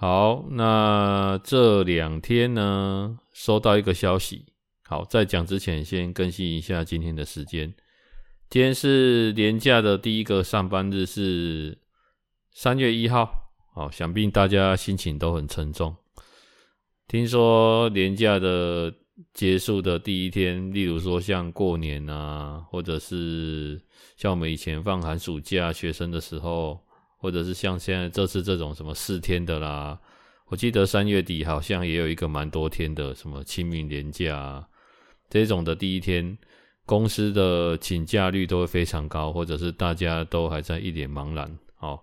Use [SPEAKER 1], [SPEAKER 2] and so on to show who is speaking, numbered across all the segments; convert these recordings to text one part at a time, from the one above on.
[SPEAKER 1] 好，那這兩天呢，收到一個消息。好，在講之前，先更新一下今天的時間。今天是年假的第一個上班日，是三月一號。好，想必大家心情都很沉重。聽說年假的結束的第一天，例如說像過年啊，或者是像我們以前放寒暑假學生的時候。或者是像現在這次這種什麼四天的啦，我記得三月底好像也有一個蠻多天的，什麼清明連假，啊、這種的第一天，公司的請假率都會非常高，或者是大家都還在一臉茫然。哦，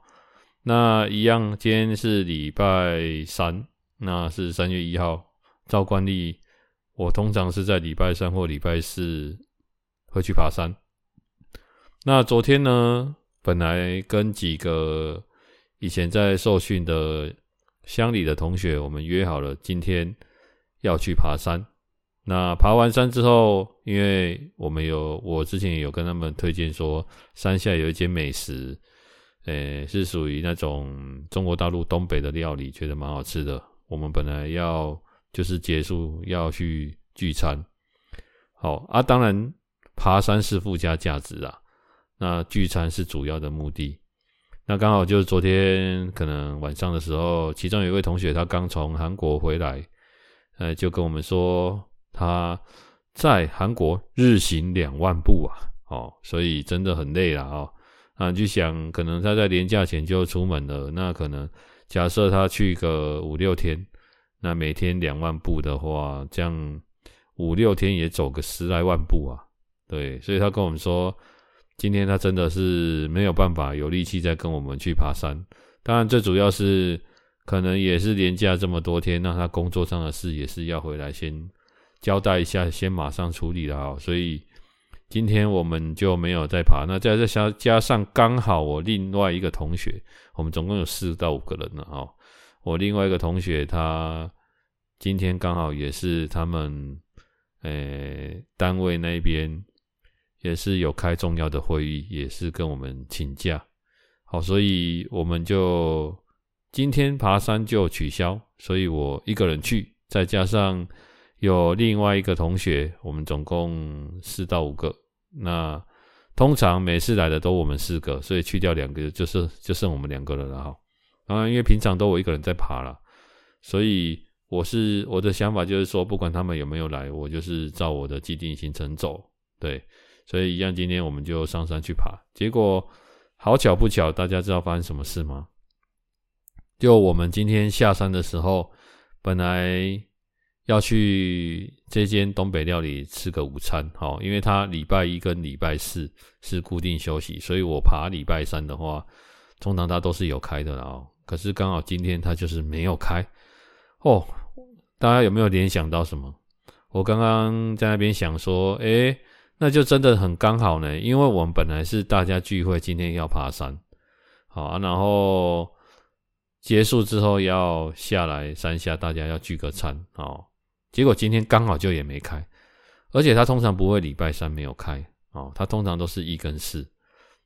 [SPEAKER 1] 那一樣，今天是禮拜三，那是三月一號，照慣例，我通常是在禮拜三或禮拜四會去爬山。那昨天呢？本來跟幾個以前在受訓的鄉里的同學，我們約好了今天要去爬山。那爬完山之後，因為我們有我之前也有跟他們推薦說，山下有一間美食，誒、欸，是屬於那種中國大陸東北的料理，覺得蠻好吃的。我們本來要就是結束要去聚餐。好啊，當然爬山是附加價值啊。那聚餐是主要的目的。那剛好就是昨天可能晚上的時候，其中有一位同學他剛從韓國回來，呃、哎，就跟我們說他在韓國日行兩萬步啊，哦，所以真的很累了啊、哦。啊，就想可能他在年假前就出門了，那可能假設他去個五六天，那每天兩萬步的話，這樣五六天也走個十來萬步啊。對，所以他跟我們說。今天他真的是沒有辦法有力氣再跟我們去爬山。當然，最主要是可能也是連假這麼多天，那他工作上的事也是要回來先交代一下，先馬上處理了哈。所以今天我們就沒有再爬。那再這加加上剛好我另外一個同學，我們總共有四到五個人了哈。我另外一個同學他今天剛好也是他們誒、欸、單位那邊，也是有開重要的會議，也是跟我們請假，好，所以我們就今天爬山就取消，所以我一個人去，再加上有另外一個同學，我們總共四到五個。那通常每次來的都我們四個，所以去掉兩個，就是就剩我們兩個了。然後，當然因為平常都我一個人在爬了，所以我是我的想法就是說，不管他們有沒有來，我就是照我的既定行程走，對。所以一樣，今天我們就上山去爬。結果好巧不巧，大家知道發生什麼事嗎？就我們今天下山的時候，本來要去這間東北料理吃個午餐，好、哦，因為它禮拜一跟禮拜四是固定休息，所以我爬禮拜三的話，通常它都是有開的啦、哦。可是剛好今天它就是沒有開哦。大家有沒有聯想到什麼？我剛剛在那邊想說，誒、欸那就真的很剛好呢，因為我們本來是大家聚會，今天要爬山，好啊，然後結束之後要下來山下，大家要聚個餐哦。結果今天剛好就也沒開，而且他通常不會禮拜三沒有開哦，他通常都是一跟四。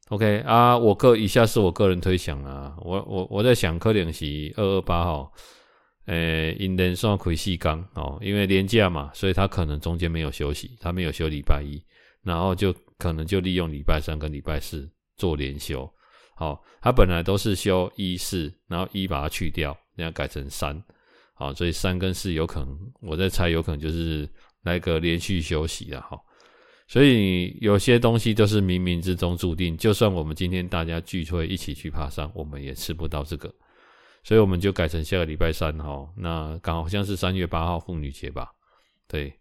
[SPEAKER 1] OK 啊，我個以下是我個人推想啊，我我我在想可能是二二八號，誒，因連上虧細剛哦，因為連假嘛，所以他可能中間沒有休息，他沒有休禮拜一。然後就可能就利用禮拜三跟禮拜四做連休，好，他本來都是休一四，然後一把它去掉，那要改成三，好，所以三跟四有可能，我在猜有可能就是來個連續休息了哈。所以有些東西都是冥冥之中注定，就算我們今天大家聚會一起去爬山，我們也吃不到這個，所以我們就改成下個禮拜三哈，那剛好像是三月八號婦女節吧，對，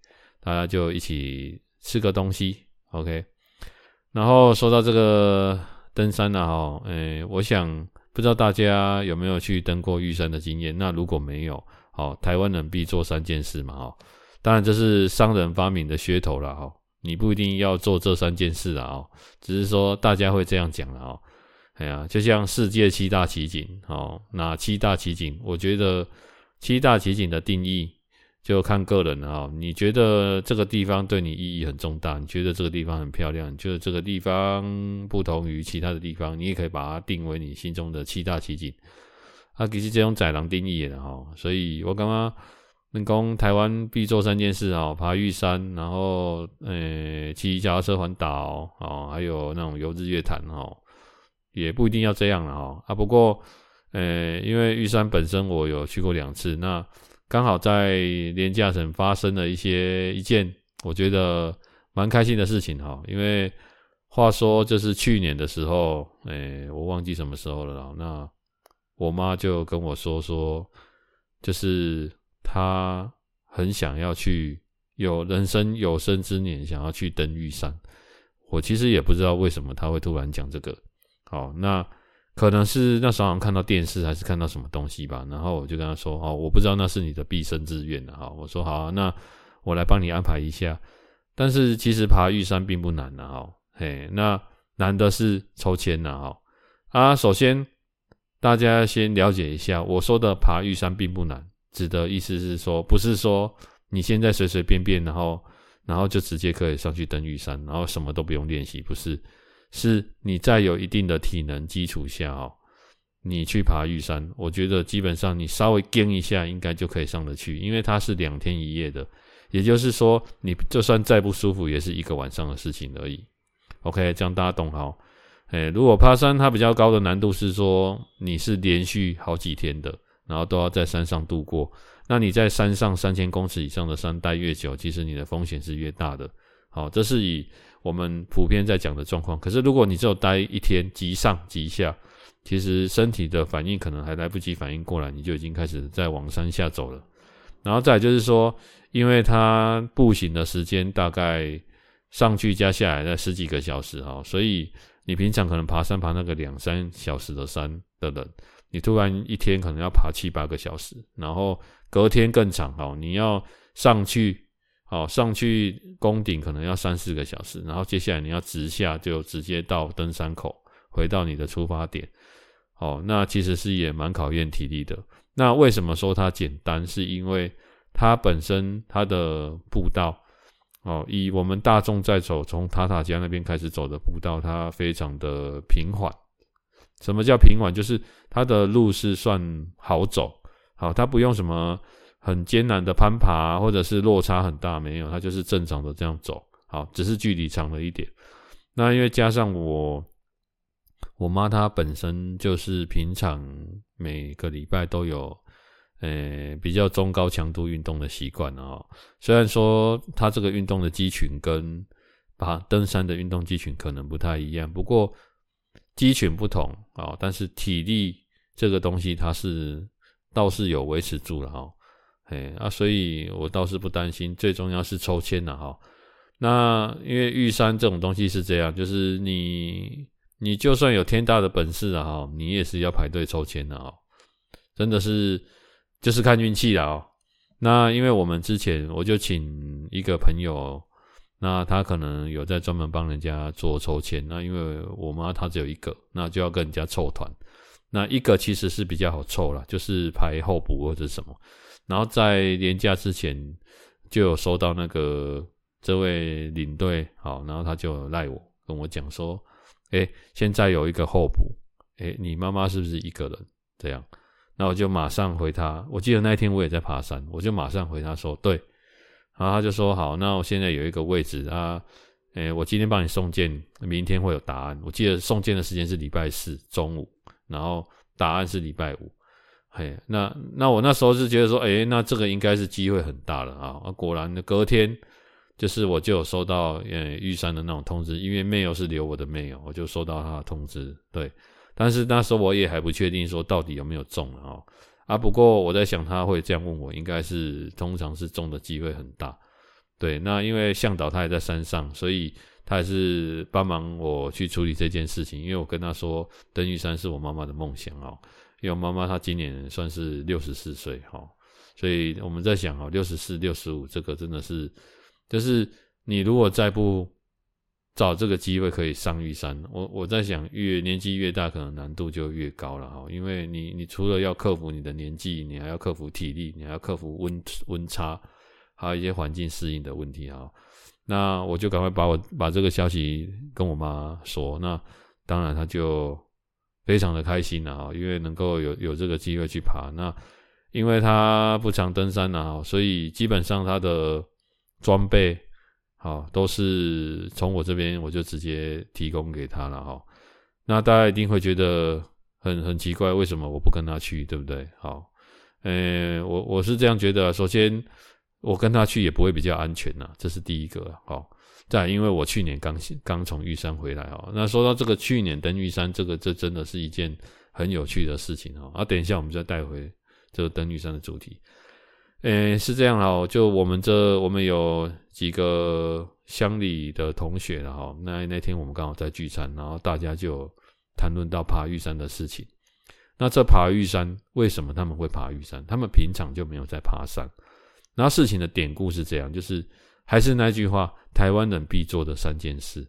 [SPEAKER 1] 大家就一起吃個東西。OK，然後說到這個登山了、啊、哈，哎，我想不知道大家有沒有去登過玉山的經驗？那如果沒有，好，台灣人必做三件事嘛，哈，當然這是商人發明的噱頭了，哈，你不一定要做這三件事了哦，只是說大家會這樣講了，哦，哎呀，就像世界七大奇景，哦，哪七大奇景，我覺得七大奇景的定義。就看個人了哈，你覺得這個地方對你意義很重大，你覺得這個地方很漂亮，就是這個地方不同於其他的地方，你也可以把它定為你心中的七大奇景啊。其實這種窄狼定義的哈，所以我剛剛能講台灣必做三件事啊，爬玉山，然後呃騎腳踏車環島啊，還有那種游日月潭哈，也不一定要這樣了哈啊。不過呃、欸，因為玉山本身我有去過兩次那。剛好在連假省發生了一些一件，我覺得蠻開心的事情哈，因為話說就是去年的時候，哎、欸，我忘記什麼時候了。那我媽就跟我說說，就是她很想要去，有人生有生之年想要去登玉山。我其實也不知道為什麼她會突然講這個。好，那。可能是那時候好像看到電視還是看到什麼東西吧，然後我就跟他說：“哦，我不知道那是你的畢生志願的哈。”我說：“好啊，那我來幫你安排一下。”但是其實爬玉山並不難的啊哈，嘿，那難的是抽籤了哈。啊，首先大家先了解一下，我說的爬玉山並不難，指的意思是說，不是說你現在隨隨便便然後然後就直接可以上去登玉山，然後什麼都不用練習，不是。是你在有一定的體能基礎下哦，你去爬玉山，我覺得基本上你稍微撐一下，應該就可以上得去。因為它是兩天一夜的，也就是說你就算再不舒服，也是一個晚上的事情而已。OK，這樣大家懂哈。哎，如果爬山它比較高的難度是說你是連續好幾天的，然後都要在山上度過。那你在山上三千公尺以上的山待越久，其實你的風險是越大的。好，這是以我們普遍在講的狀況。可是，如果你只有待一天，即上即下，其實身體的反應可能還來不及反應過來，你就已經開始在往山下走了。然後再來就是說，因為他步行的時間大概上去加下來在十幾個小時哈，所以你平常可能爬山爬那個兩三小時的山的人，你突然一天可能要爬七八個小時，然後隔天更長哈，你要上去。好，上去攻頂可能要三四個小時，然後接下來你要直下，就直接到登山口，回到你的出發點。好，那其實是也蠻考驗體力的。那為什麼說它簡單？是因為它本身它的步道，好、哦，以我們大眾在走，從塔塔加那邊開始走的步道，它非常的平緩。什麼叫平緩？就是它的路是算好走，好，它不用什麼。很艱難的攀爬，或者是落差很大，沒有，它就是正常的這樣走。好，只是距離長了一點。那因為加上我，我媽她本身就是平常每個禮拜都有，呃，比較中高強度運動的習慣啊、哦。雖然說她這個運動的肌群跟爬登山的運動肌群可能不太一樣，不過肌群不同啊、哦，但是體力這個東西，它是倒是有維持住了哈、哦。哎啊，所以我倒是不擔心，最重要是抽籤了哈。那因為玉山這種東西是這樣，就是你你就算有天大的本事了哈，你也是要排隊抽籤的啊。真的是，就是看運氣了哦。那因為我們之前我就請一個朋友，那他可能有在專門幫人家做抽籤。那因為我媽她只有一個，那就要跟人家湊團。那一個其實是比較好湊了，就是排候補或者什麼。然後在年假之前就有收到那個這位領隊，好，然後他就賴我跟我講說，哎、欸，現在有一個候補，哎，你媽媽是不是一個人？這樣，那我就馬上回他。我記得那一天我也在爬山，我就馬上回他說，對。然後他就說，好，那我現在有一個位置啊，誒、欸、我今天幫你送件，明天會有答案。我記得送件的時間是禮拜四中午，然後答案是禮拜五。嘿，那那我那時候就覺得說，哎、欸，那這個應該是機會很大了啊！啊果然，隔天就是我就有收到誒、欸、玉山的那種通知，因為 mail 是留我的 mail，我就收到他的通知。對，但是那時候我也還不確定說到底有沒有中了啊！啊，不過我在想他會這樣問我，應該是通常是中的機會很大。對，那因為向導他還在山上，所以他還是幫忙我去處理這件事情，因為我跟他說登玉山是我媽媽的夢想哦、啊。因為我媽媽她今年算是六十四歲哈，所以我們在想哈，六十四、六十五這個真的是，就是你如果再不找這個機會可以上玉山，我我在想越年紀越大，可能難度就越高了哈，因為你你除了要克服你的年紀，你還要克服體力，你還要克服溫溫差，還有一些環境適應的問題哈。那我就趕快把我把這個消息跟我媽說，那當然她就。非常的開心啊，因為能夠有有這個機會去爬。那因為他不常登山啊，所以基本上他的裝備好都是從我這邊，我就直接提供給他了哈。那大家一定會覺得很很奇怪，為什麼我不跟他去，對不對？好，欸，我我是這樣覺得啊，首先。我跟他去也不會比較安全啦，啊、這是第一個哦。再因為我去年剛剛從玉山回來哦，那說到這個去年登玉山，這個這真的是一件很有趣的事情哦。啊，等一下我們再帶回這個登玉山的主題。誒、欸、是這樣啦，哦，就我們這我們有幾個鄉里的同學了後，哦、那那天我們剛好在聚餐，然後大家就談論到爬玉山的事情。那這爬玉山為什麼他們會爬玉山？他們平常就沒有在爬山。那事情的典故是這樣，就是還是那句話，台灣人必做的三件事。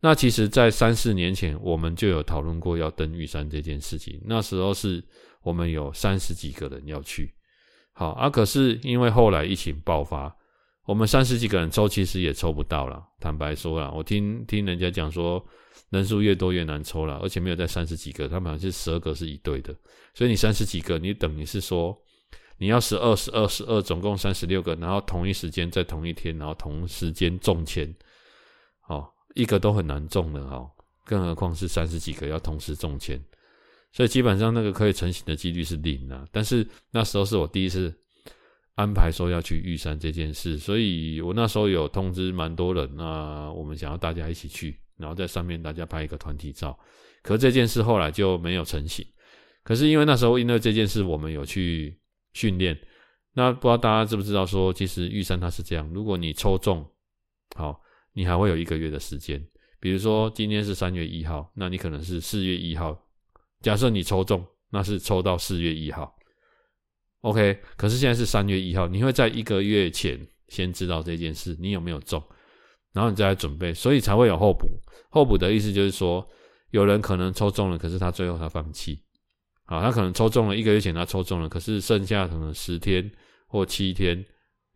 [SPEAKER 1] 那其實，在三四年前，我們就有討論過要登玉山這件事情。那時候是我們有三十幾個人要去，好啊。可是因為後來疫情爆發，我們三十幾個人抽，其實也抽不到了。坦白說啊，我聽聽人家講說，人數越多越難抽了，而且沒有在三十幾個，他們好像是十二個是一對的，所以你三十幾個，你等於是說。你要十二、十二、十二，總共三十六個，然後同一時間在同一天，然後同時間中籤，哦，一個都很難中了，哦，更何況是三十幾個要同時中籤，所以基本上那個可以成型的幾率是零了。但是那時候是我第一次安排說要去玉山這件事，所以我那時候有通知蠻多人那、啊、我們想要大家一起去，然後在上面大家拍一個團體照。可是這件事後來就沒有成型。可是因為那時候因為這件事，我們有去訓練，那不知道大家知不知，不知道說，說其實玉山它是這樣，如果你抽中，好，你還會有一個月的時間。比如說今天是三月一號，那你可能是四月一號。假設你抽中，那是抽到四月一號。OK，可是現在是三月一號，你會在一個月前先知道這件事，你有沒有中，然後你再來準備，所以才會有候補。候補的意思就是說，有人可能抽中了，可是他最後他放棄。好，他可能抽中了，一個月前他抽中了，可是剩下可能十天或七天，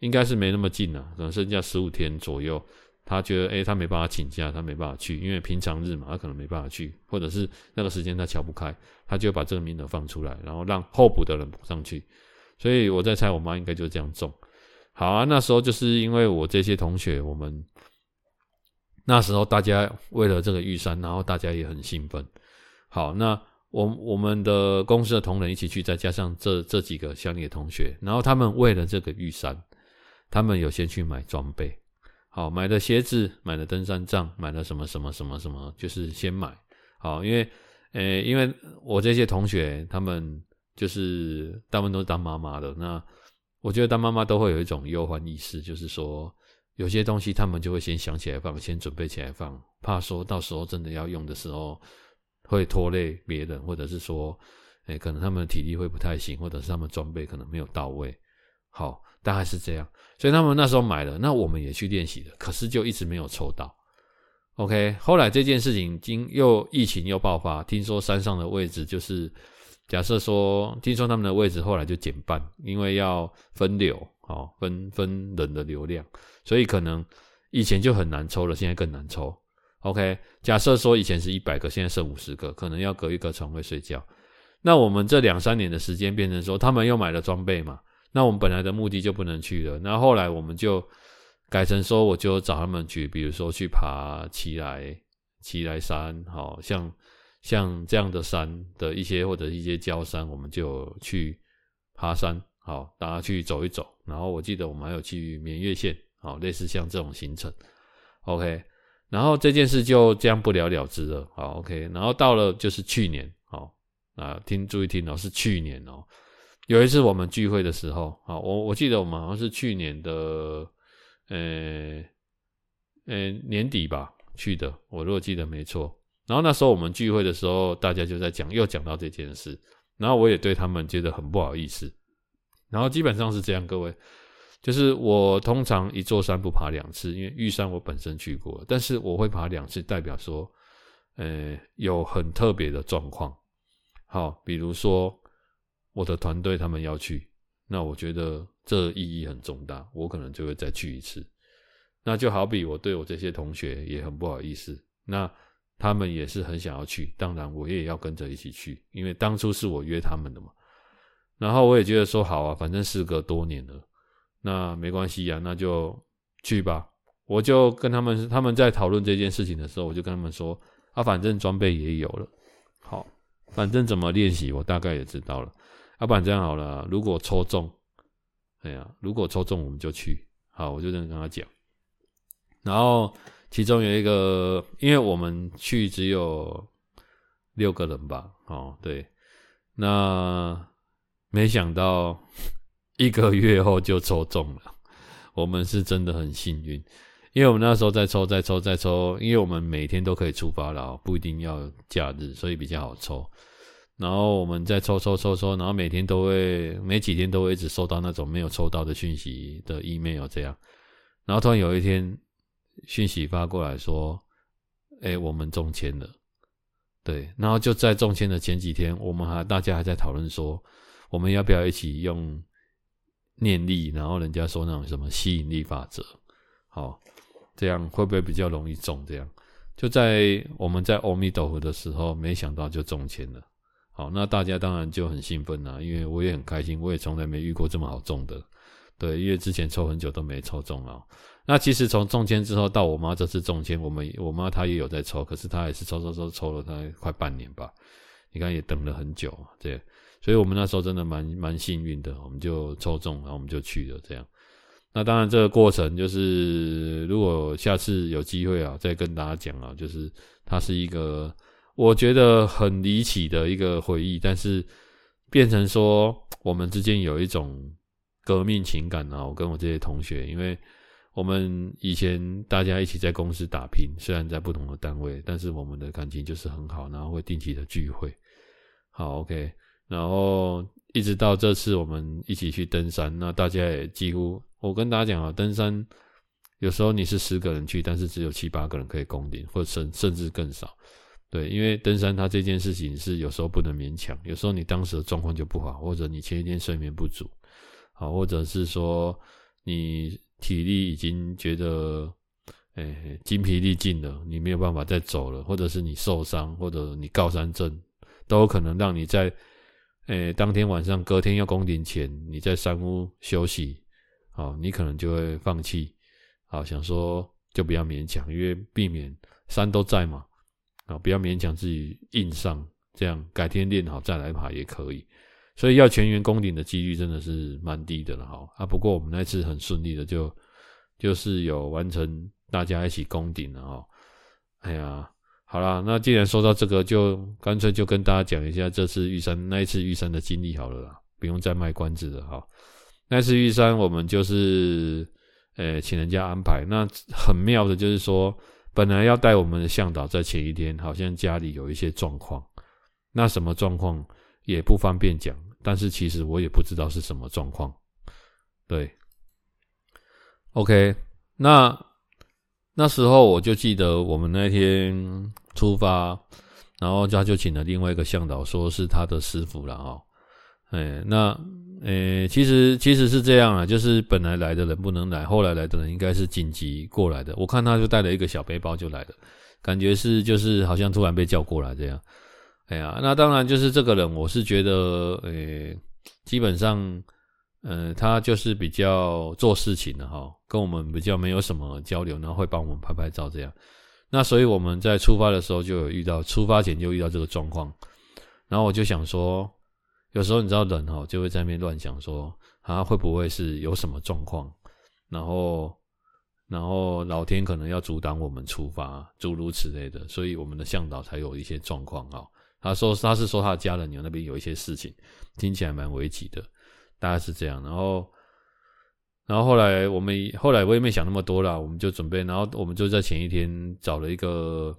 [SPEAKER 1] 應該是沒那麼近了，可能剩下十五天左右。他覺得，哎、欸，他沒辦法請假，他沒辦法去，因為平常日嘛，他可能沒辦法去，或者是那個時間他瞧不開，他就把這個名額放出來，然後讓候補的人補上去。所以我在猜，我媽應該就這樣中。好啊，那時候就是因為我這些同學，我們那時候大家為了這個玉山，然後大家也很興奮。好，那。我我們的公司的同仁一起去，再加上這這幾個鄉里的同學，然後他們為了這個玉山，他們有先去買裝備，好，買了鞋子，買了登山杖，買了什麼什麼什麼什麼，就是先買。好，因為，誒，因為我這些同學他們就是大部分都是當媽媽的，那我覺得當媽媽都會有一種憂患意識，就是說有些東西他們就會先想起來放，先準備起來放，怕說到時候真的要用的時候。會拖累別人，或者是說，哎、欸，可能他們的體力會不太行，或者是他們裝備可能沒有到位，好，大概是這樣。所以他們那時候買了，那我們也去練習了，可是就一直沒有抽到。OK，後來這件事情經又疫情又爆發，聽說山上的位置就是假設說，聽說他們的位置後來就減半，因為要分流哦，分分人的流量，所以可能以前就很難抽了，現在更難抽。OK，假設說以前是一百個，現在剩五十個，可能要隔一個床位睡覺。那我們這兩三年的時間變成說，他們又買了裝備嘛，那我們本來的目的就不能去了。那後，後來我們就改成說，我就找他們去，比如說去爬奇萊奇萊山，好，像像這樣的山的一些或者一些郊山，我們就去爬山，好，大家去走一走。然後我記得我們還有去眠月線，好，類似像這種行程。OK。然後這件事就這樣不了了之了。好，OK。然後到了就是去年，好，啊，聽，注意聽哦，是去年哦。有一次我們聚會的時候，好，我我記得我們好像是去年的，呃、欸欸、年底吧去的，我如果記得沒錯。然後那時候我們聚會的時候，大家就在講，又講到這件事。然後我也對他們覺得很不好意思。然後基本上是這樣，各位。就是我通常一座山不爬兩次，因為玉山我本身去過了，但是我會爬兩次，代表說，呃，有很特別的狀況。好，比如說我的團隊他們要去，那我覺得這意義很重大，我可能就會再去一次。那就好比我對我這些同學也很不好意思，那他們也是很想要去，當然我也要跟着一起去，因為當初是我約他們的嘛。然後我也覺得說好啊，反正事隔多年了。那沒關係呀、啊，那就去吧。我就跟他們，他們在討論這件事情的時候，我就跟他們說：“啊，反正裝備也有了，好，反正怎麼練習，我大概也知道了。啊，反正這樣好了，如果抽中，哎呀、啊，如果抽中，我們就去。好，我就這樣跟他講。然後其中有一個，因為我們去只有六個人吧？哦，對，那沒想到。”一個月後就抽中了，我們是真的很幸運，因為我們那時候在抽，在抽，在抽，因為我們每天都可以出發了，不一定要假日，所以比較好抽。然後我們再抽，抽，抽，抽，抽，然後每天都會，每幾天都會一直收到那種沒有抽到的訊息的 email 這樣。然後突然有一天，訊息發過來說，哎，我們中籤了。對，然後就在中籤的前幾天，我們還大家還在討論說，我們要不要一起用。念力，然後人家說那種什麼吸引力法則，好，這樣會不會比較容易中？這樣就在我們在阿彌陀佛的時候，沒想到就中簽了。好，那大家當然就很興奮啦，啊，因為我也很開心，我也從來沒遇過這麼好中的。對，因為之前抽很久都沒抽中啊。那其實從中簽之後到我媽這次中簽，我們我媽她也有在抽，可是她也是抽抽抽抽了她快半年吧。你看也等了很久，對。所以我們那時候真的蠻蠻幸運的，我們就抽中，然後我們就去了。這樣，那當然這個過程就是，如果下次有機會啊，再跟大家講啊，就是它是一個我覺得很離奇的一個回憶，但是變成說我們之間有一種革命情感啊。我跟我這些同學，因為我們以前大家一起在公司打拼，雖然在不同的單位，但是我們的感情就是很好，然後會定期的聚會。好，OK。然後一直到這次我們一起去登山，那大家也幾乎，我跟大家講啊，登山有時候你是十個人去，但是只有七八個人可以攻頂，或者甚甚至更少，對，因為登山它這件事情是有時候不能勉強，有時候你當時的狀況就不好，或者你前一天睡眠不足，啊，或者是說你體力已經覺得誒筋疲力盡了，你沒有辦法再走了，或者是你受傷，或者你高山症，都有可能讓你在。誒、欸，當天晚上，隔天要攻頂前，你在山屋休息，哦，你可能就會放棄，好、哦、想說就不要勉強，因為避免山都在嘛，啊、哦，不要勉強自己硬上，這樣改天練好再來爬也可以。所以要全員攻頂的幾率真的是蠻低的了哈。啊，不過我們那次很順利的就，就就是有完成大家一起攻頂了哈。哎呀。好啦，那既然說到這個，就乾脆就跟大家講一下這次玉山，那一次玉山的經歷好了啦，不用再賣關子了哈。那次玉山，我們就是呃請人家安排，那很妙的就是說，本來要帶我們的向導在前一天，好像家裡有一些狀況，那什麼狀況也不方便講，但是其實我也不知道是什麼狀況，對。OK，那。那時候我就記得我們那天出發，然後他就請了另外一個向導，說是他的師傅了啊。哎，那呃，哎，其實其實是這樣啊，就是本來來的人不能來，後來來的人應該是緊急過來的。我看他就帶了一個小背包就來了，感覺是就是好像突然被叫過來這樣。哎呀，那當然就是這個人，我是覺得呃，哎，基本上。呃、嗯，他就是比較做事情的哈，跟我們比較沒有什麼交流，然後會幫我們拍拍照這樣。那所以我們在出發的時候就有遇到，出發前就遇到這個狀況。然後我就想說，有時候你知道人哈，就會在那邊亂想說，啊會不會是有什麼狀況？然後然後老天可能要阻擋我們出發，諸如此類的。所以我們的向導才有一些狀況哈。他說他是說他的家人你那邊有一些事情，聽起來蠻危急的。大概是這樣，然後，然後後來我們後來我也沒想那麼多啦，我們就準備，然後我們就在前一天找了一個，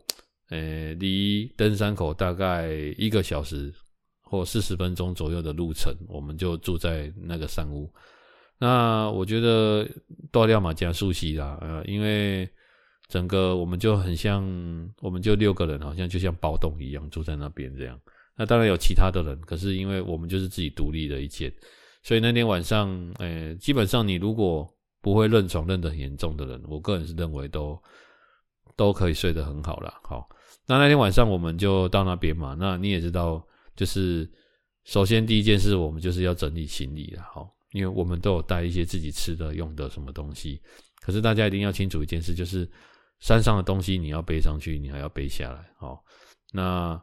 [SPEAKER 1] 呃、欸，離登山口大概一個小時或四十分鐘左右的路程，我們就住在那個山屋。那我覺得到料馬家熟悉啦，呃，因為整個我們就很像，我們就六個人好像就像暴動一樣住在那邊這樣。那當然有其他的人，可是因為我們就是自己獨立的一間。所以那天晚上，呃、欸，基本上你如果不會認床認得很嚴重的人，我個人是認為都都可以睡得很好了。好，那那天晚上我們就到那邊嘛。那你也知道，就是首先第一件事，我們就是要整理行李了。好，因為我們都有帶一些自己吃的、用的什麼東西。可是大家一定要清楚一件事，就是山上的東西你要背上去，你還要背下來。好，那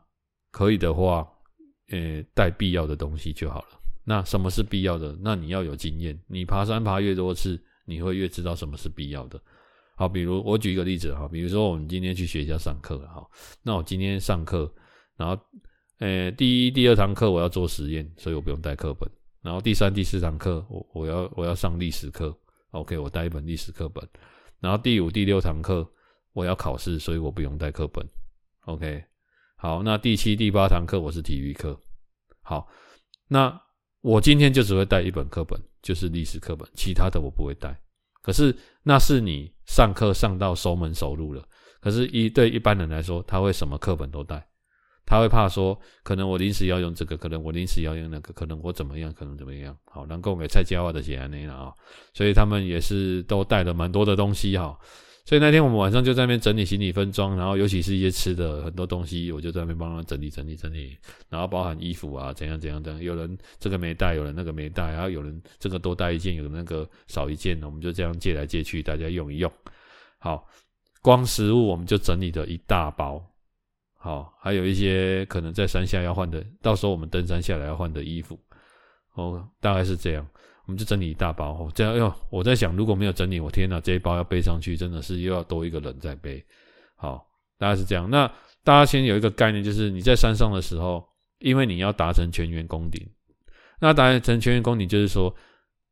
[SPEAKER 1] 可以的話，呃、欸，帶必要的東西就好了。那什麼是必要的？那你要有經驗。你爬山爬越多次，你會越知道什麼是必要的。好，比如我舉一個例子哈，比如說我們今天去學校上課了哈。那我今天上課，然後呃、欸，第一、第二堂課我要做實驗，所以我不用帶課本。然後第三、第四堂課，我我要我要上歷史課，OK，我帶一本歷史課本。然後第五、第六堂課我要考試，所以我不用帶課本。OK，好，那第七、第八堂課我是體育課。好，那。我今天就只會帶一本課本，就是歷史課本，其他的我不會帶。可是那是你上課上到熟門熟路了。可是一對一般人來說，他會什麼課本都帶，他會怕說，可能我臨時要用這個，可能我臨時要用那個，可能我怎麼樣，可能怎麼樣。好，能夠給蔡家官的學員了啊、哦，所以他們也是都帶了蠻多的東西哈、哦。所以那天我們晚上就在那邊整理行李分裝，然後尤其是一些吃的很多東西，我就在那邊幫他們整理整理整理，然後包含衣服啊，怎樣怎樣怎樣，有人這個沒帶，有人那個沒帶，然後有人這個多帶一件，有人那個少一件，我們就這樣借來借去，大家用一用。好，光食物我們就整理的一大包。好，還有一些可能在山下要換的，到時候我們登山下來要換的衣服，哦，大概是這樣。我們就整理一大包，這樣喲，我在想如果沒有整理，我天哪、啊，這一包要背上去，真的是又要多一個人在背。好，大概是這樣。那大家先有一個概念，就是你在山上的時候，因為你要達成全員攻頂，那達成全員攻頂就是說、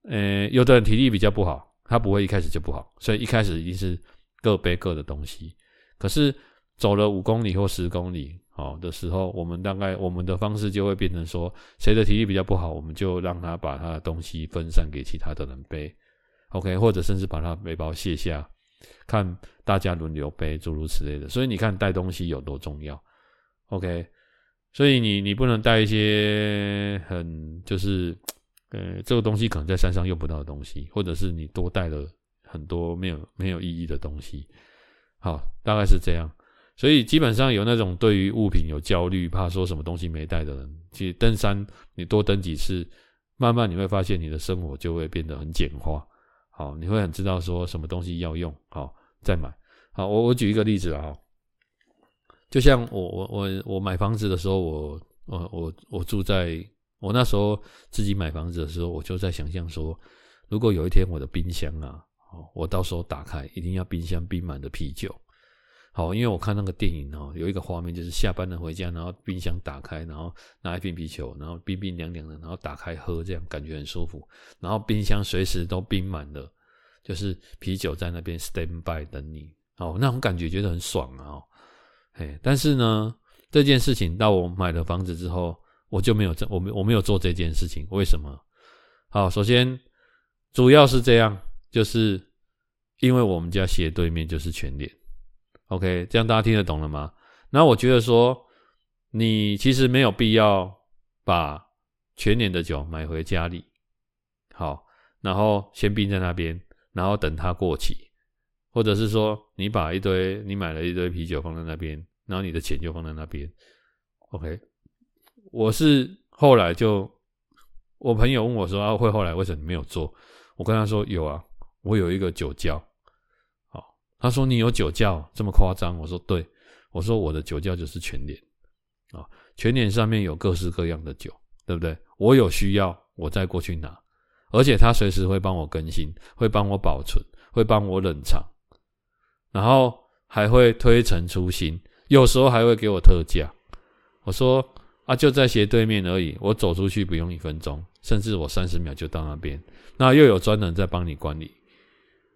[SPEAKER 1] 呃，有的人體力比較不好，他不會一開始就不好，所以一開始一定是各背各的東西。可是走了五公里或十公里。哦，的時候，我們大概我們的方式就會變成說，誰的體力比較不好，我們就讓他把他的東西分散給其他的人背，OK，或者甚至把他背包卸下，看大家輪流背，諸如此類的。所以你看，帶東西有多重要，OK。所以你你不能帶一些很就是呃，這個東西可能在山上用不到的東西，或者是你多帶了很多沒有沒有意義的東西。好，大概是這樣。所以基本上有那種對於物品有焦慮、怕說什麼東西沒帶的人，其實登山你多登幾次，慢慢你會發現你的生活就會變得很簡化。好，你會很知道說什麼東西要用，好，再買。好，我我舉一個例子啊，就像我我我我買房子的時候，我我我我住在我那時候自己買房子的時候，我就在想象說，如果有一天我的冰箱啊，我到時候打開，一定要冰箱冰滿的啤酒。好，因為我看那個電影哦，有一個畫面就是下班了回家，然後冰箱打開，然後拿一瓶啤酒，然後冰冰涼涼的，然後打開喝，這樣感覺很舒服。然後冰箱隨時都冰滿了，就是啤酒在那邊 stand by 等你哦，那種感覺覺得很爽啊。哎，但是呢，這件事情到我買了房子之後，我就沒有這，我沒我沒有做這件事情，為什麼？好，首先主要是這樣，就是因為我們家斜對面就是全聯。OK，這樣大家聽得懂了嗎？那我覺得說，你其實沒有必要把全年的酒買回家裡，好，然後先冰在那邊，然後等它過期，或者是說，你把一堆你買了一堆啤酒放在那邊，然後你的錢就放在那邊。OK，我是後來就，我朋友問我說啊，會後來為什麼你沒有做？我跟他說有啊，我有一個酒窖。他說：“你有酒窖這麼誇張？”我說：“對，我說我的酒窖就是全聯啊，全聯上面有各式各樣的酒，對不對？我有需要，我再過去拿，而且他隨時會幫我更新，會幫我保存，會幫我冷藏，然後還會推陳出新，有時候還會給我特價。”我說：“啊，就在斜對面而已，我走出去不用一分鐘，甚至我三十秒就到那邊。那又有專人在幫你管理，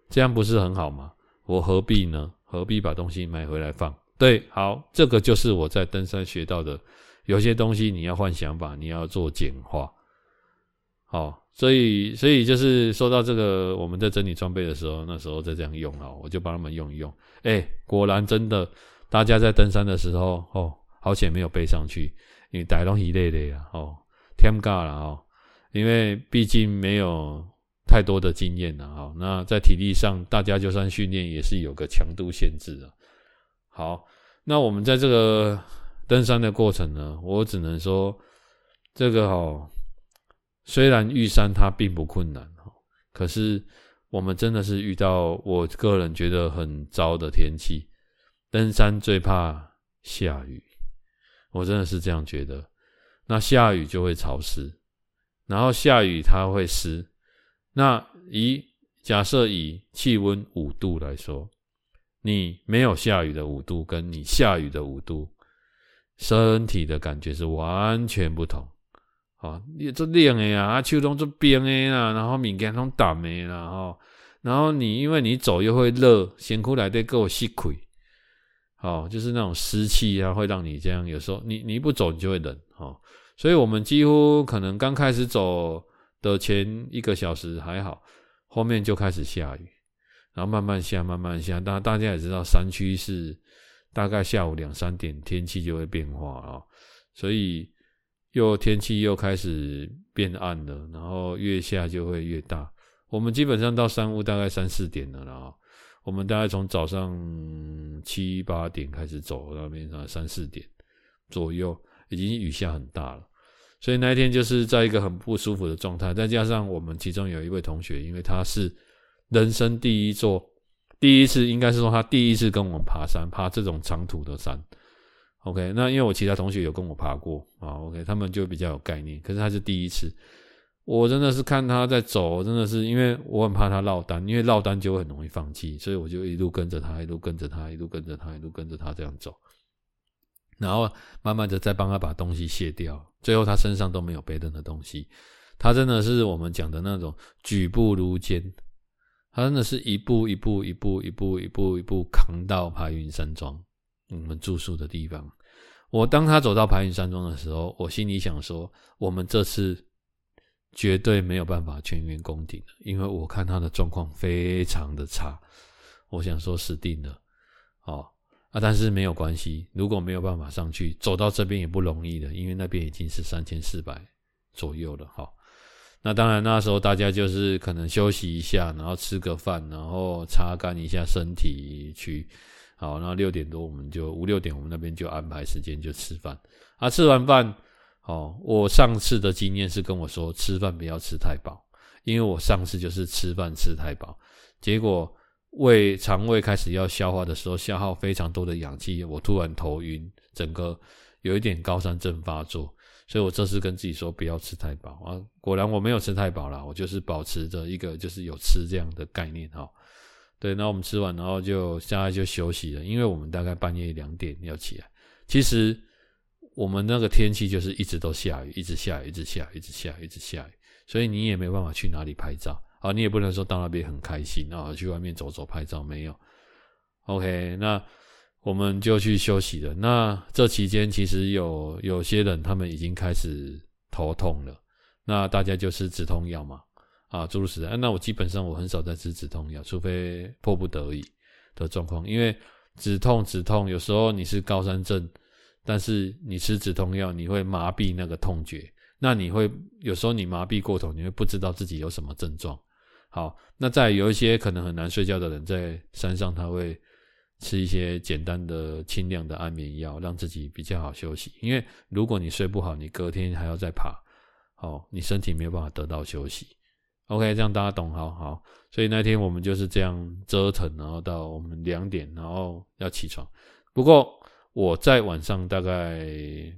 [SPEAKER 1] 這樣不是很好嗎？”我何必呢？何必把東西買回來放？對，好，這個就是我在登山學到的。有些東西你要換想法，你要做簡化。好，所以，所以就是說到這個，我們在整理裝備的時候，那時候再這樣用啊，我就幫他們用一用。哎、欸，果然真的，大家在登山的時候哦，好險沒有背上去，你帶東西累累啊，哦，天乾了哦，因為畢竟沒有。太多的經驗了哈，那在體力上，大家就算訓練也是有個強度限制的。好，那我們在這個登山的過程呢，我只能說，這個哈，雖然玉山它並不困難哈，可是我們真的是遇到我個人覺得很糟的天氣。登山最怕下雨，我真的是這樣覺得。那下雨就會潮濕，然後下雨它會濕。那以假設以氣溫五度來說，你沒有下雨的五度，跟你下雨的五度，身體的感覺是完全不同。好啊，這冷的呀，啊秋冬這冰的呀、啊，然後敏感種打哎啦吼，然後你因為你走又會熱，辛苦來得給我吸虧。好，就是那種濕氣、啊，啊會讓你這樣。有時候你你一不走，你就會冷。好，所以我們幾乎可能剛開始走。的前一個小時還好，後面就開始下雨，然後慢慢下，慢慢下。大大家也知道山區是大概下午兩三點天氣就會變化啊、哦，所以又天氣又開始變暗了，然後越下就會越大。我們基本上到山屋大概三四點了，然後我們大概從早上七八點開始走到那邊三四點左右，已經雨下很大了。所以那一天就是在一個很不舒服的狀態，再加上我們其中有一位同學，因為他是人生第一座、第一次，應該是說他第一次跟我們爬山，爬這種長途的山。OK，那因為我其他同學有跟我爬過啊，OK，他們就比較有概念。可是他是第一次，我真的是看他在走，我真的是，因為我很怕他落單，因為落單就會很容易放棄，所以我就一路跟着他，一路跟着他，一路跟着他，一路跟着他，他這樣走。然後慢慢的再幫他把東西卸掉，最後他身上都沒有背任何東西。他真的是我們講的那種舉步如艱，他真的是一步一步、一步、一步、一步一步扛到排雲山莊我們住宿的地方。我當他走到排雲山莊的時候，我心裡想說：我們這次絕對沒有辦法全員攻頂了，因為我看他的狀況非常的差，我想說死定了，哦。啊，但是沒有關係。如果沒有辦法上去，走到這邊也不容易的，因為那邊已經是三千四百左右了。哈、哦，那當然那時候大家就是可能休息一下，然後吃個飯，然後擦乾一下身體去。好，然後六點多我們就五六點，我們那邊就安排時間就吃飯。啊，吃完飯，哦，我上次的經驗是跟我說，吃飯不要吃太飽，因為我上次就是吃飯吃太飽，結果。胃、腸胃開始要消化的時候，消耗非常多的氧氣。我突然頭暈，整個有一點高山症發作，所以我這次跟自己說不要吃太飽啊。果然我沒有吃太飽啦，我就是保持着一個就是有吃這樣的概念哈。對，那我們吃完然後就現在就休息了，因為我們大概半夜兩點要起來。其實我們那個天氣就是一直都下雨，一直下雨，一直下雨，一直下雨，一直下雨，一直下雨，所以你也沒辦法去哪裡拍照。啊，你也不能說到那邊很開心啊，去外面走走拍照沒有？OK，那我們就去休息了。那這期間其實有有些人他們已經開始頭痛了，那大家就吃止痛藥嘛。啊，諸如此類，啊。那我基本上我很少在吃止痛藥，除非迫不得已的狀況。因為止痛止痛，有時候你是高山症，但是你吃止痛藥，你會麻痹那個痛覺，那你會有時候你麻痹過頭，你會不知道自己有什麼症狀。好，那在有一些可能很難睡覺的人，在山上他會吃一些簡單的輕量的安眠藥，讓自己比較好休息。因為如果你睡不好，你隔天還要再爬，好，你身體沒有辦法得到休息。OK，這樣大家懂，好，好。所以那天我們就是這樣折騰，然後到我們兩點，然後要起床。不過我在晚上大概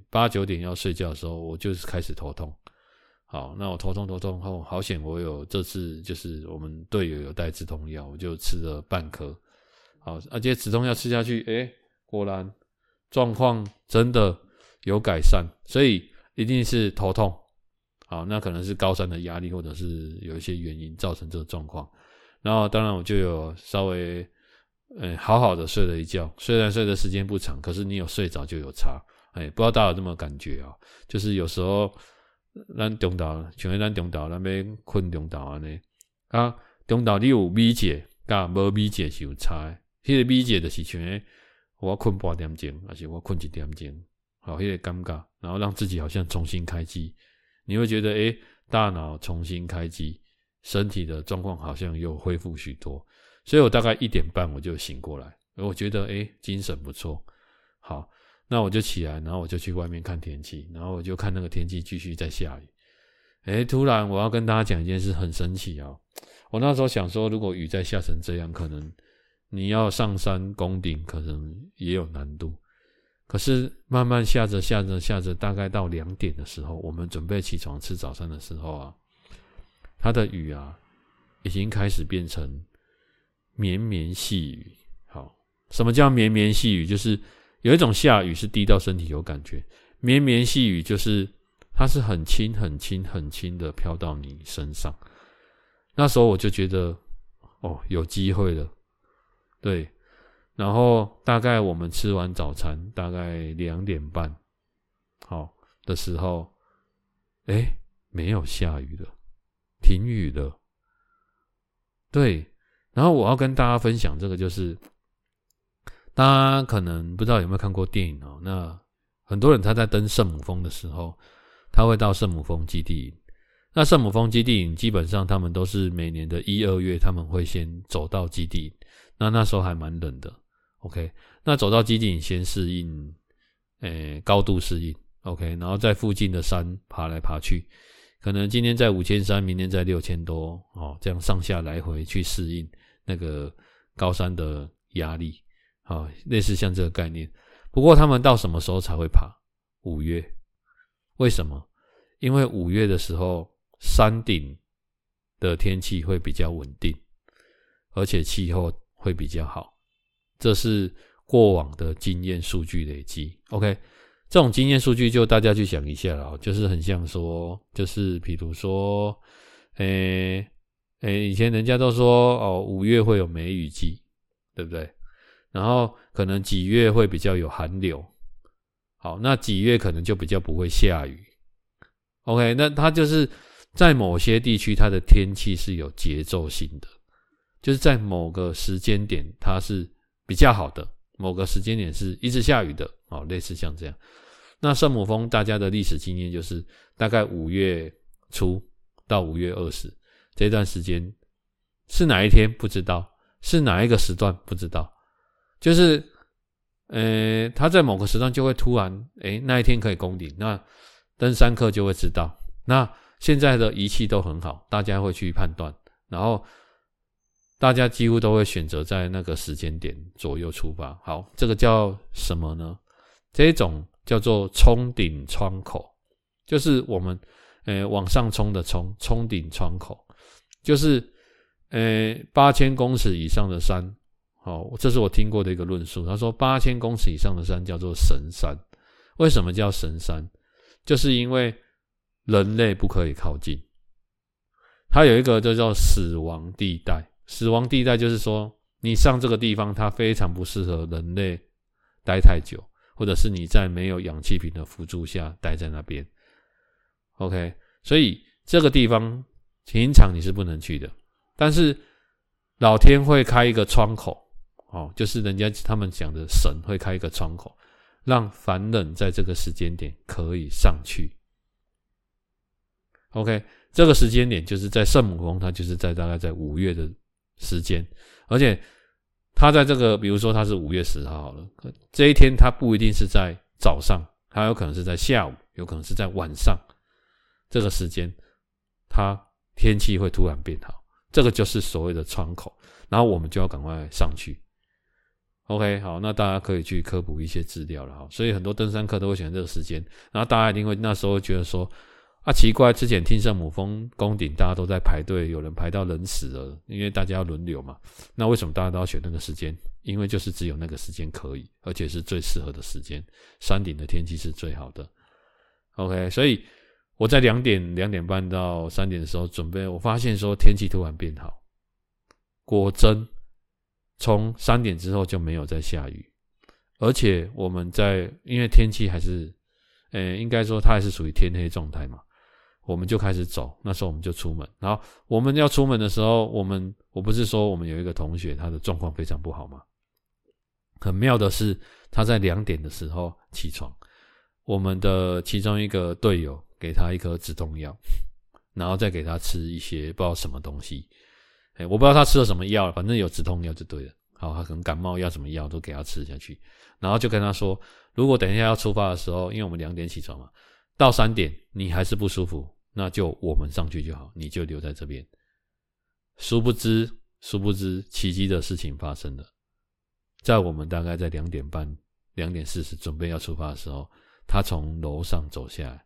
[SPEAKER 1] 八九點要睡覺的時候，我就是開始頭痛。好，那我頭痛頭痛後、哦，好險我有這次就是我們隊友有帶止痛藥，我就吃了半顆。好，而、啊、且止痛藥吃下去，哎，果然狀況真的有改善，所以一定是頭痛。好，那可能是高山的壓力，或者是有一些原因造成這個狀況。然後，當然我就有稍微嗯好好的睡了一覺，雖然睡的時間不長，可是你有睡着就有差。哎，不知道大家有這麼感覺啊？就是有時候。咱中晝，像中咱要中晝那邊睏中晝安尼啊，中晝你有米姐，噶無米姐是有差的。迄、那個米姐就是像我睏半點鐘，還是我睏一點鐘，好有、那個尷尬。然後讓自己好像重新開機，你會覺得誒、欸，大腦重新開機，身體的狀況好像又恢復許多。所以我大概一點半我就醒過來，而我覺得誒、欸，精神不錯，好。那我就起來，然後我就去外面看天氣，然後我就看那個天氣繼續在下雨。誒、欸、突然我要跟大家講一件事，很神奇啊、哦！我那時候想說，如果雨再下成這樣，可能你要上山攻頂，可能也有難度。可是慢慢下着下着下着，大概到兩點的時候，我們準備起床吃早餐的時候啊，它的雨啊，已經開始變成綿綿細雨。好，什麼叫綿綿細雨？就是。有一種下雨是滴到身體有感覺，綿綿細雨就是它是很輕、很輕、很輕的飄到你身上。那時候我就覺得哦，有機會了。對，然後大概我們吃完早餐，大概兩點半，好、哦、的時候，哎、欸，沒有下雨了，停雨了。對，然後我要跟大家分享這個，就是。大家可能不知道有沒有看過電影哦？那很多人他在登聖母峰的時候，他會到聖母峰基地營。那聖母峰基地營基本上他們都是每年的一二月，他們會先走到基地。那那時候還蠻冷的，OK。那走到基地營先適應，誒、欸、高度適應，OK。然後在附近的山爬來爬去，可能今天在五千三，明天在六千多哦，這樣上下來回去適應那個高山的壓力。好、哦，類似像這個概念，不過他們到什麼時候才會爬？五月？為什麼？因為五月的時候，山頂的天氣會比較穩定，而且氣候會比較好。這是過往的經驗數據累積。OK，這種經驗數據就大家去想一下了，就是很像說，就是比如說，誒、欸、誒、欸，以前人家都說哦，五月會有梅雨季，對不對？然後可能幾月會比較有寒流，好，那幾月可能就比較不會下雨。OK，那它就是在某些地區，它的天氣是有節奏性的，就是在某個時間點它是比較好的，某個時間點是一直下雨的。哦，類似像這樣。那聖母峰大家的歷史經驗就是大概五月初到五月二十，這段時間是哪一天？不知道，是哪一個時段？不知道。就是，呃、欸，他在某個時段就會突然，誒、欸，那一天可以攻頂，那登山客就會知道。那現在的儀器都很好，大家會去判斷，然後大家幾乎都會選擇在那個時間點左右出發。好，這個叫什麼呢？這一種叫做衝頂窗口，就是我們呃、欸，往上衝的衝，衝頂窗口，就是呃八千公尺以上的山。哦，這是我聽過的一個論述。他說，八千公尺以上的山叫做神山。為什麼叫神山？就是因為人類不可以靠近。它有一個就叫死亡地帶。死亡地帶就是說，你上這個地方，它非常不適合人類待太久，或者是你在沒有氧氣瓶的輔助下待在那邊。OK，所以這個地方平常你是不能去的。但是老天會開一個窗口。哦，就是人家他們講的神會開一個窗口，讓凡人在這個時間點可以上去。OK，這個時間點就是在聖母峰，它就是在大概在五月的時間，而且它在這個，比如說它是五月十號了，這一天它不一定是在早上，他有可能是在下午，有可能是在晚上。這個時間，它天氣會突然變好，這個就是所謂的窗口，然後我們就要趕快上去。OK，好，那大家可以去科普一些資料了哈。所以很多登山客都會選這個時間，然後大家一定會那時候覺得說啊，奇怪，之前聽聖母峰攻頂大家都在排隊，有人排到人死了，因為大家要輪流嘛。那為什麼大家都要選那個時間？因為就是只有那個時間可以，而且是最適合的時間。山頂的天氣是最好的。OK，所以我在兩點兩點半到三點的時候準備，我發現說天氣突然變好，果真。從三點之後就沒有再下雨，而且我們在因為天氣還是，欸，應該說它還是屬於天黑狀態嘛，我們就開始走。那時候我們就出門，然後我們要出門的時候，我們我不是說我們有一個同學他的狀況非常不好嗎？很妙的是他在兩點的時候起床，我們的其中一個隊友給他一顆止痛藥，然後再給他吃一些不知道什麼東西。欸，我不知道他吃了什麼藥，反正有止痛藥就對了。好，他可能感冒藥什麼藥都給他吃下去，然後就跟他說：如果等一下要出發的時候，因為我們兩點起床嘛，到三點你還是不舒服，那就我們上去就好，你就留在這邊。殊不知，殊不知，奇蹟的事情發生了。在我們大概在兩點半、兩點四十準備要出發的時候，他從樓上走下來，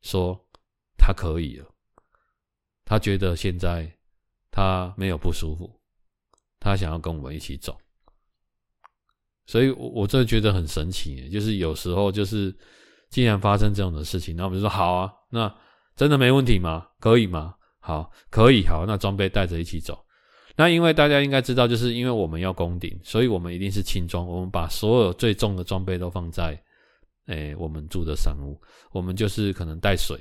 [SPEAKER 1] 說他可以了，他覺得現在。他沒有不舒服，他想要跟我們一起走，所以我我真的覺得很神奇，就是有時候就是既然發生這樣的事情，那我們就說好啊，那真的沒問題嗎？可以嗎？好，可以，好，那裝備帶着一起走。那因為大家應該知道，就是因為我們要攻頂，所以我們一定是輕裝，我們把所有最重的裝備都放在誒、欸、我們住的山屋，我們就是可能帶水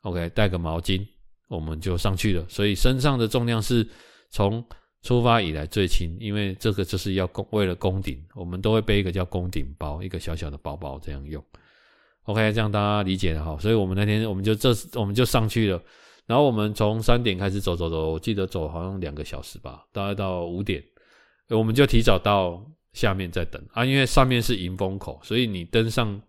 [SPEAKER 1] ，OK，帶個毛巾。我們就上去了，所以身上的重量是從出發以來最輕，因為這個就是要攻為了攻頂，我們都會背一個叫攻頂包，一個小小的包包這樣用。OK，這樣大家理解了哈。所以我們那天我們就這我們就上去了，然後我們從三點開始走走走，我記得走好像兩個小時吧，大概到五點，我們就提早到下面再等啊，因為上面是迎風口，所以你登上，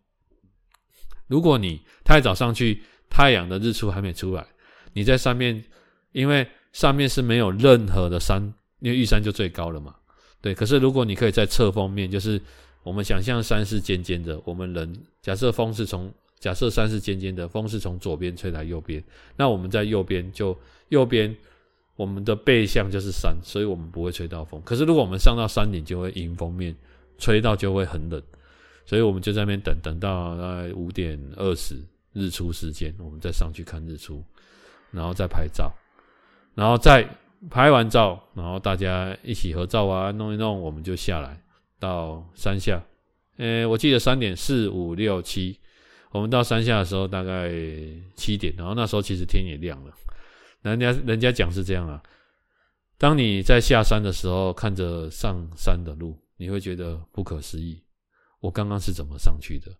[SPEAKER 1] 如果你太早上去，太陽的日出還沒出來。你在上面，因為上面是沒有任何的山，因為玉山就最高了嘛。對，可是如果你可以在側風面，就是我們想象山是尖尖的，我們人假設風是從假設山是尖尖的，風是從左邊吹來右邊，那我們在右邊就右邊我們的背向就是山，所以我們不會吹到風。可是如果我們上到山頂，就會迎風面吹到，就會很冷。所以我們就在那邊等，等到五點二十日出時間，我們再上去看日出。然後再拍照，然後再拍完照，然後大家一起合照啊，弄一弄，我們就下來到山下。誒，我記得三點四五六七，4, 5, 6, 7, 我們到山下的時候大概七點，然後那時候其實天也亮了。人家人家講是這樣啊，當你在下山的時候，看着上山的路，你會覺得不可思議。我剛剛是怎麼上去的？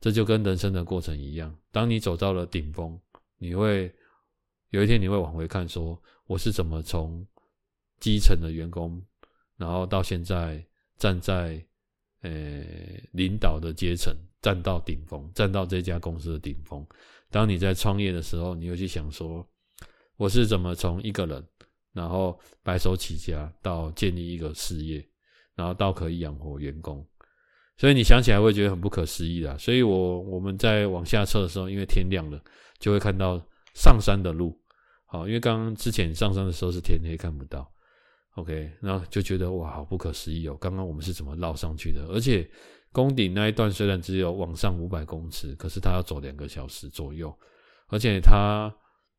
[SPEAKER 1] 這就跟人生的過程一樣，當你走到了頂峰，你會。有一天你會往回看說，說我是怎麼從基層的員工，然後到現在站在呃、欸、領導的階層，站到頂峰，站到這家公司的頂峰。當你在創業的時候，你又去想說，我是怎麼從一個人，然後白手起家到建立一個事業，然後到可以養活員工。所以你想起來會覺得很不可思議啦，所以我我們在往下撤的時候，因為天亮了，就會看到上山的路。好，因為剛剛之前上山的時候是天黑看不到，OK，然後就覺得哇，好不可思議哦！剛剛我們是怎麼繞上去的？而且，沖頂那一段雖然只有往上五百公尺，可是它要走兩個小時左右，而且它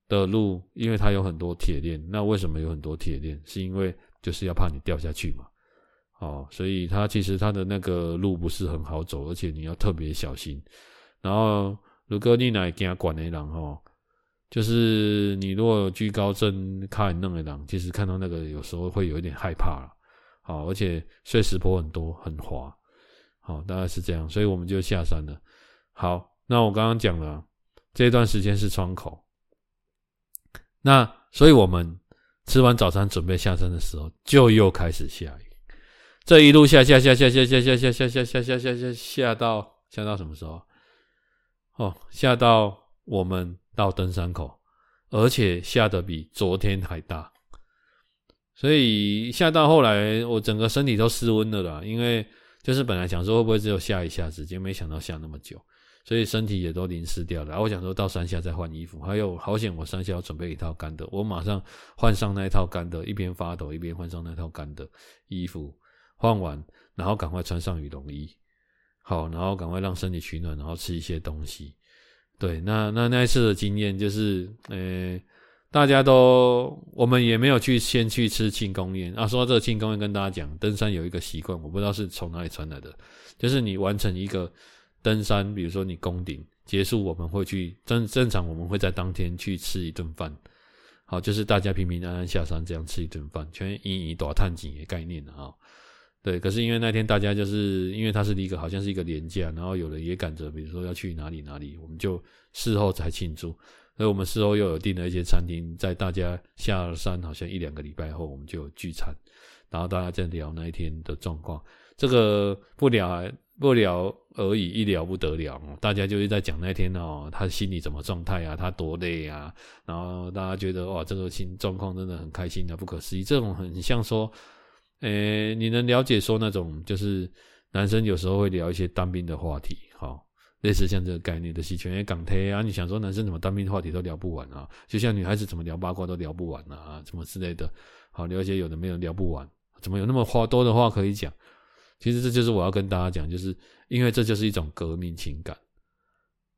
[SPEAKER 1] 的路，因為它有很多鐵鏈，那為什麼有很多鐵鏈？是因為就是要怕你掉下去嘛。哦，所以它其實它的那個路不是很好走，而且你要特別小心。然後，如果你來跟管內人哦。就是你如果懼高症，看弄一檔，其實看到那個有時候會有一點害怕，好，而且碎石坡很多，很滑，好，大概是這樣，所以我們就下山了。好，那我剛剛講了這一段時間是窗口，那所以我們吃完早餐準備下山的時候，就又開始下雨。這一路下下下下下下下下下下下下下下下到下到什麼時候？哦，下到我們。到登山口，而且下得比昨天還大，所以下到後來，我整個身體都失溫了啦。因為就是本來想說會不會只有下一下子，結果沒想到下那麼久，所以身體也都淋濕掉了。然後我想說到山下再換衣服，還有好險，我山下要準備一套乾的，我馬上換上那一套乾的，一邊發抖一邊換上那套乾的衣服，換完然後趕快穿上羽絨衣，好，然後趕快讓身體取暖，然後吃一些東西。對，那那那一次的經驗就是，呃、欸，大家都，我們也沒有去先去吃慶功宴啊。說到這個慶功宴，跟大家講，登山有一個習慣，我不知道是從哪裡傳來的，就是你完成一個登山，比如說你攻頂結束，我們會去正正常，我們會在當天去吃一頓飯。好，就是大家平平安安下山，這樣吃一頓飯，全以以短探景的概念哈。好對，可是因為那天大家就是因為他是一個好像是一個年假，然後有人也趕着，比如說要去哪裡哪裡，我們就事後才慶祝。所以我們事後又有訂了一些餐廳，在大家下了山好像一兩個禮拜後，我們就有聚餐，然後大家在聊那一天的狀況。這個不聊不聊而已，一聊不得了，大家就是在講那天哦，他心裡怎麼狀態啊，他多累啊，然後大家覺得哇，這個心狀況真的很開心啊，不可思議。這種很像說。誒，你能了解說那種就是男生有時候會聊一些當兵的話題，哈、哦，類似像這個概念的，戲、就是，全員港台啊。你想說男生怎麼當兵的話題都聊不完啊？就像女孩子怎麼聊八卦都聊不完啊，什麼之類的？好，聊一些有的沒有聊不完，怎麼有那麼話多的話可以講？其實這就是我要跟大家講，就是因為這就是一種革命情感。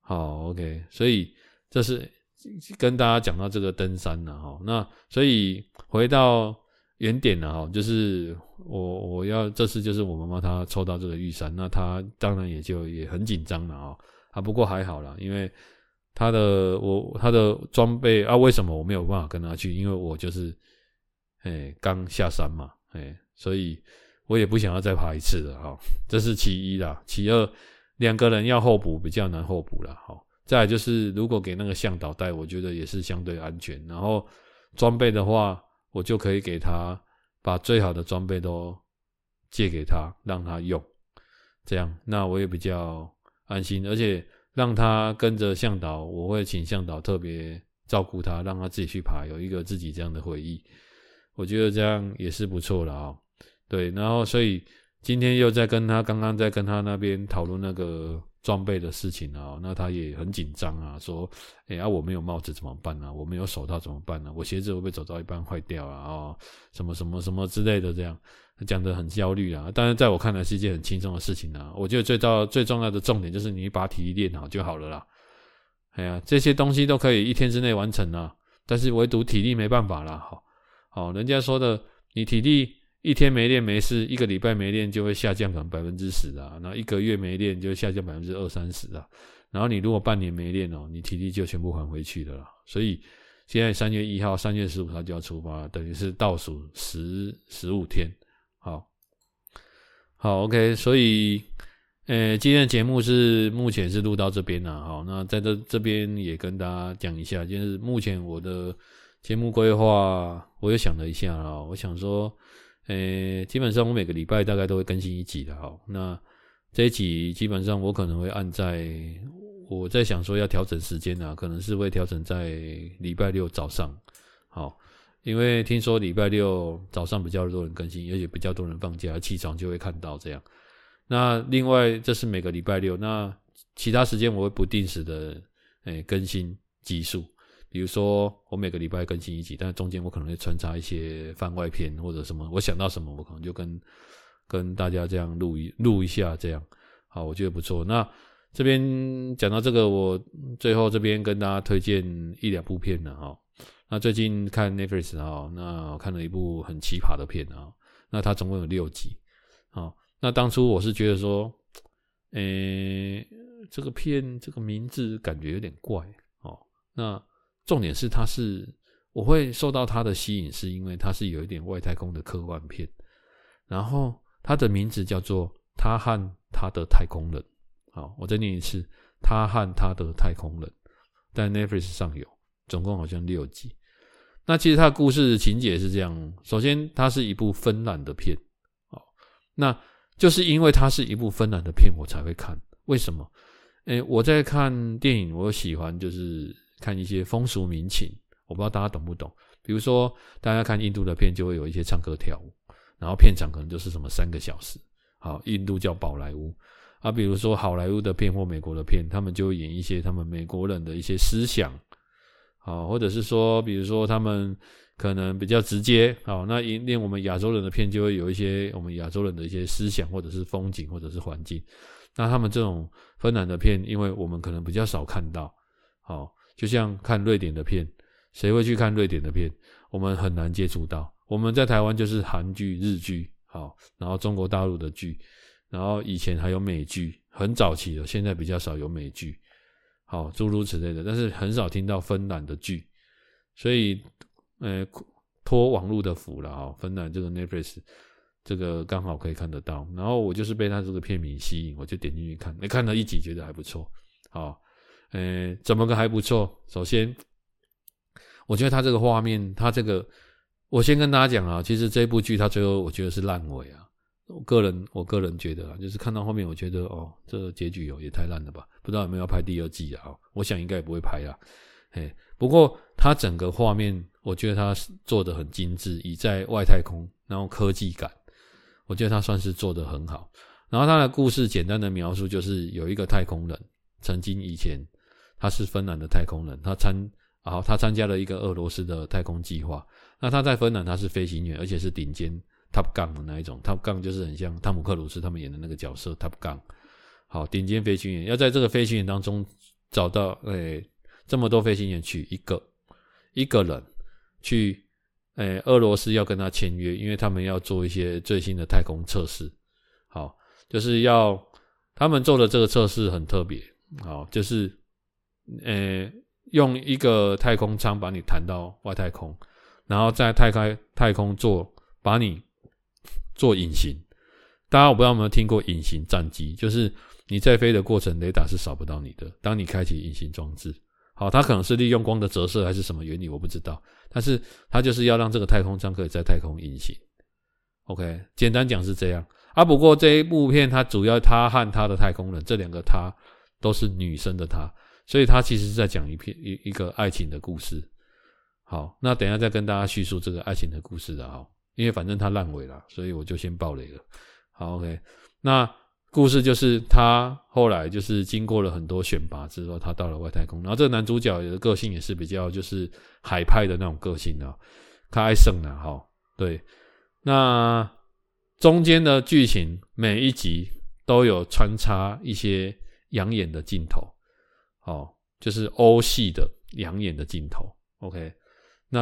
[SPEAKER 1] 好、哦、OK，所以這是跟大家講到這個登山了、啊、哈、哦。那所以回到。原點了、啊、哈，就是我我要這次就是我媽媽她抽到這個玉山，那她當然也就也很緊張了啊。啊，不過還好啦，因為她的我她的裝備啊，為什麼我沒有辦法跟她去？因為我就是哎、欸、剛下山嘛，哎、欸，所以我也不想要再爬一次了哈、哦。這是其一啦，其二兩個人要候補比較難候補了。好、哦，再來就是如果給那個嚮導帶，我覺得也是相對安全。然後裝備的話，我就可以給他把最好的裝備都借給他，讓他用，這樣，那我也比較安心，而且讓他跟着向導，我會請向導特別照顧他，讓他自己去爬，有一個自己這樣的回憶，我覺得這樣也是不錯了啊。對，然後所以今天又在跟他，剛剛在跟他那邊討論那個。裝備的事情啊，那他也很緊張啊，說，哎、欸、呀、啊，我沒有帽子怎麼辦呢、啊？我沒有手套怎麼辦呢、啊？我鞋子會不會走到一半壞掉啊，啊？哦，什麼什麼什麼之類的，這樣講得很焦慮啊。當然在我看來是一件很輕鬆的事情啊。我覺得最到最重要的重點就是你一把體力練好就好了啦。哎呀，這些東西都可以一天之內完成啊，但是唯獨體力沒辦法啦。好，好，人家說的你體力。一天沒練沒事，一個禮拜沒練就會下降百分之十啊，然後，一個月沒練就下降百分之二三十啊，然後你如果半年沒練哦、喔，你體力就全部還回去的了啦。所以現在三月一號、三月十五號就要出發，等於是倒數十十五天。好，好，OK。所以，欸，今天的節目是目前是錄到這邊了。好，那在這這邊也跟大家講一下，就是目前我的節目規劃，我又想了一下了，我想說。呃、欸，基本上我每個禮拜大概都會更新一集的哈。那這一集基本上我可能會按在，我在想說要調整時間啊，可能是會調整在禮拜六早上，好，因為聽說禮拜六早上比較多人更新，而且比較多人放假，起床就會看到這樣。那另外這是每個禮拜六，那其他時間我會不定時的，哎、欸，更新集數。比如說，我每個禮拜更新一集，但是中間我可能會穿插一些番外篇或者什麼，我想到什麼，我可能就跟跟大家這樣錄一錄一下，這樣。好，我覺得不錯。那這邊講到這個，我最後這邊跟大家推薦一兩部片了哈。那最近看 Netflix，那我看了一部很奇葩的片啊，那它總共有六集，好，那當初我是覺得說，誒、欸，這個片這個名字感覺有點怪，哦，那。重點是它是我會受到它的吸引，是因為它是有一點外太空的科幻片。然後它的名字叫做《她和她的太空人》。好，我再念一次，《她和她的太空人》在 Netflix 上有，總共好像六集。那其實它的故事情節是這樣：首先，它是一部芬蘭的片，好，那就是因為它是一部芬蘭的片，我才會看。為什麼？誒，我在看電影，我喜歡就是。看一些風俗民情，我不知道大家懂不懂。比如說，大家看印度的片，就會有一些唱歌跳舞，然後片長可能就是什麼三個小時。好，印度叫寶萊塢啊。比如說好萊塢的片或美國的片，他們就會演一些他們美國人的一些思想，好，或者是說，比如說他們可能比較直接，好，那演令我們亞洲人的片，就會有一些我們亞洲人的一些思想，或者是風景，或者是環境。那他們這種芬蘭的片，因為我們可能比較少看到，好。就像看瑞典的片，誰會去看瑞典的片？我們很難接觸到。我們在台灣就是韓劇、日劇，好，然後中國大陸的劇，然後以前還有美劇，很早期的，現在比較少有美劇，好，諸如此類的。但是很少聽到芬蘭的劇，所以呃，托網絡的福了啊、哦，芬蘭這個 Netflix 這個剛好可以看得到。然後我就是被他這個片名吸引，我就點進去看，沒、哎、看到一集覺得還不錯，好。哎，怎麼個還不錯？首先，我覺得他這個畫面，他這個，我先跟大家講啊，其實這部劇它最後我覺得是爛尾啊，我個人我個人覺得啊，就是看到後面我覺得哦，這結局有也太爛了吧？不知道有沒有要拍第二季啊？我想應該也不會拍了。嘿，不過他整個畫面，我覺得他做得很精緻，以在外太空然後科技感，我覺得他算是做得很好。然後他的故事簡單的描述就是有一個太空人，曾經以前。他是芬蘭的太空人，他參好，他參加了一個俄羅斯的太空計劃。那他在芬蘭，他是飛行員，而且是頂尖 Top Gun 的那一種，Top Gun 就是很像湯姆克魯斯他們演的那個角色 Top Gun。好，頂尖飛行員要在這個飛行員當中找到誒、欸、這麼多飛行員去一個一個人去誒、欸、俄羅斯要跟他簽約，因為他們要做一些最新的太空測試。好，就是要他們做的這個測試很特別，好就是。呃、欸，用一個太空艙把你彈到外太空，然後在太開太空做把你做隱形。大家我不知道有沒有聽過隱形戰機，就是你在飛的過程，雷達是掃不到你的。當你開啟隱形裝置，好，它可能是利用光的折射還是什麼原理，我不知道。但是它就是要讓這個太空艙可以在太空隱形。OK，簡單講是這樣啊。不過這一部片，它主要她和她的太空人這兩個它都是女生的她。所以他其實是在講一篇一一個愛情的故事。好，那等一下再跟大家敘述這個愛情的故事的哈，因為反正他爛尾了，所以我就先爆雷了。好，OK，那故事就是他後來就是經過了很多選拔之後，他到了外太空。然後這個男主角的個性也是比較就是海派的那種個性的，啊，他愛勝的哈。對，那中間的劇情每一集都有穿插一些養眼的鏡頭。哦，就是歐系的養眼的鏡頭，OK，那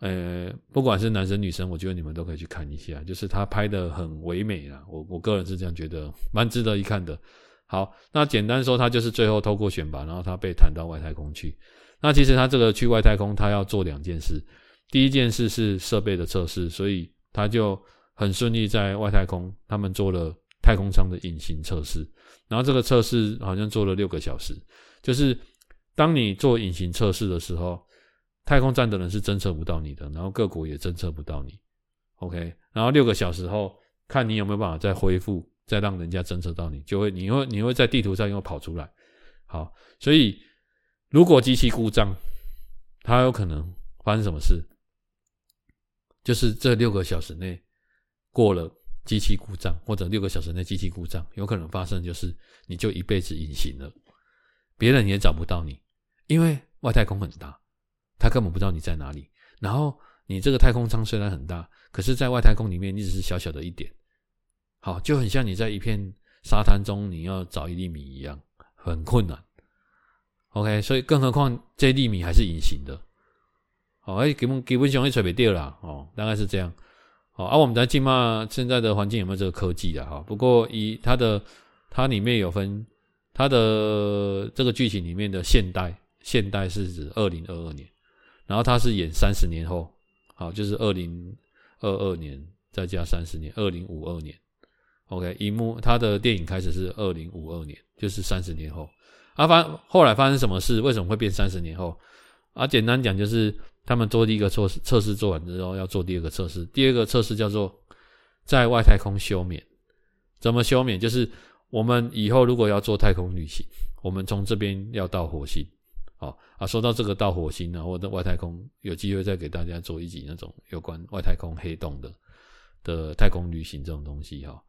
[SPEAKER 1] 呃、欸，不管是男生女生，我覺得你們都可以去看一下，就是他拍得很唯美啊，我我個人是這樣覺得，蠻值得一看的。好，那簡單說，他就是最後透過選拔，然後他被彈到外太空去。那其實他這個去外太空，他要做兩件事，第一件事是設備的測試，所以他就很順利在外太空，他們做了太空艙的隱形測試，然後這個測試好像做了六個小時。就是，當你做隱形測試的時候，太空站的人是偵測不到你的，然後各國也偵測不到你。OK，然後六個小時後，看你有沒有辦法再恢復，再讓人家偵測到你，就會，你會，你會在地圖上又跑出來。好，所以如果機器故障，它有可能發生什麼事？就是這六個小時內過了機器故障，或者六個小時內機器故障，有可能發生就是你就一輩子隱形了。別人也找不到你，因為外太空很大，他根本不知道你在哪裡。然後你這個太空艙雖然很大，可是在外太空裡面，你只是小小的一點。好，就很像你在一片沙灘中，你要找一粒米一樣，很困難。OK，所以更何況這粒米還是隱形的。好、哦，哎，給不給不起來吹掉了哦，大概是這樣。好、哦，啊，我們在進罵現在的環境有沒有這個科技啊？哈，不過以它的它裡面有分。他的這個劇情裡面的現代，現代是指二零二二年，然後他是演三十年後，好，就是二零二二年再加三十年，二零五二年。OK，一幕他的電影開始是二零五二年，就是三十年後。啊，發後來發生什麼事？為什麼會變三十年後？啊，簡單講就是他們做第一個測試，測試做完之後要做第二個測試，第二個測試叫做在外太空休眠。怎麼休眠？就是。我們以後如果要做太空旅行，我們從這邊要到火星，好啊。說到這個到火星，啊，然後外太空，有機會再給大家做一集那種有關外太空黑洞的的太空旅行這種東西哈，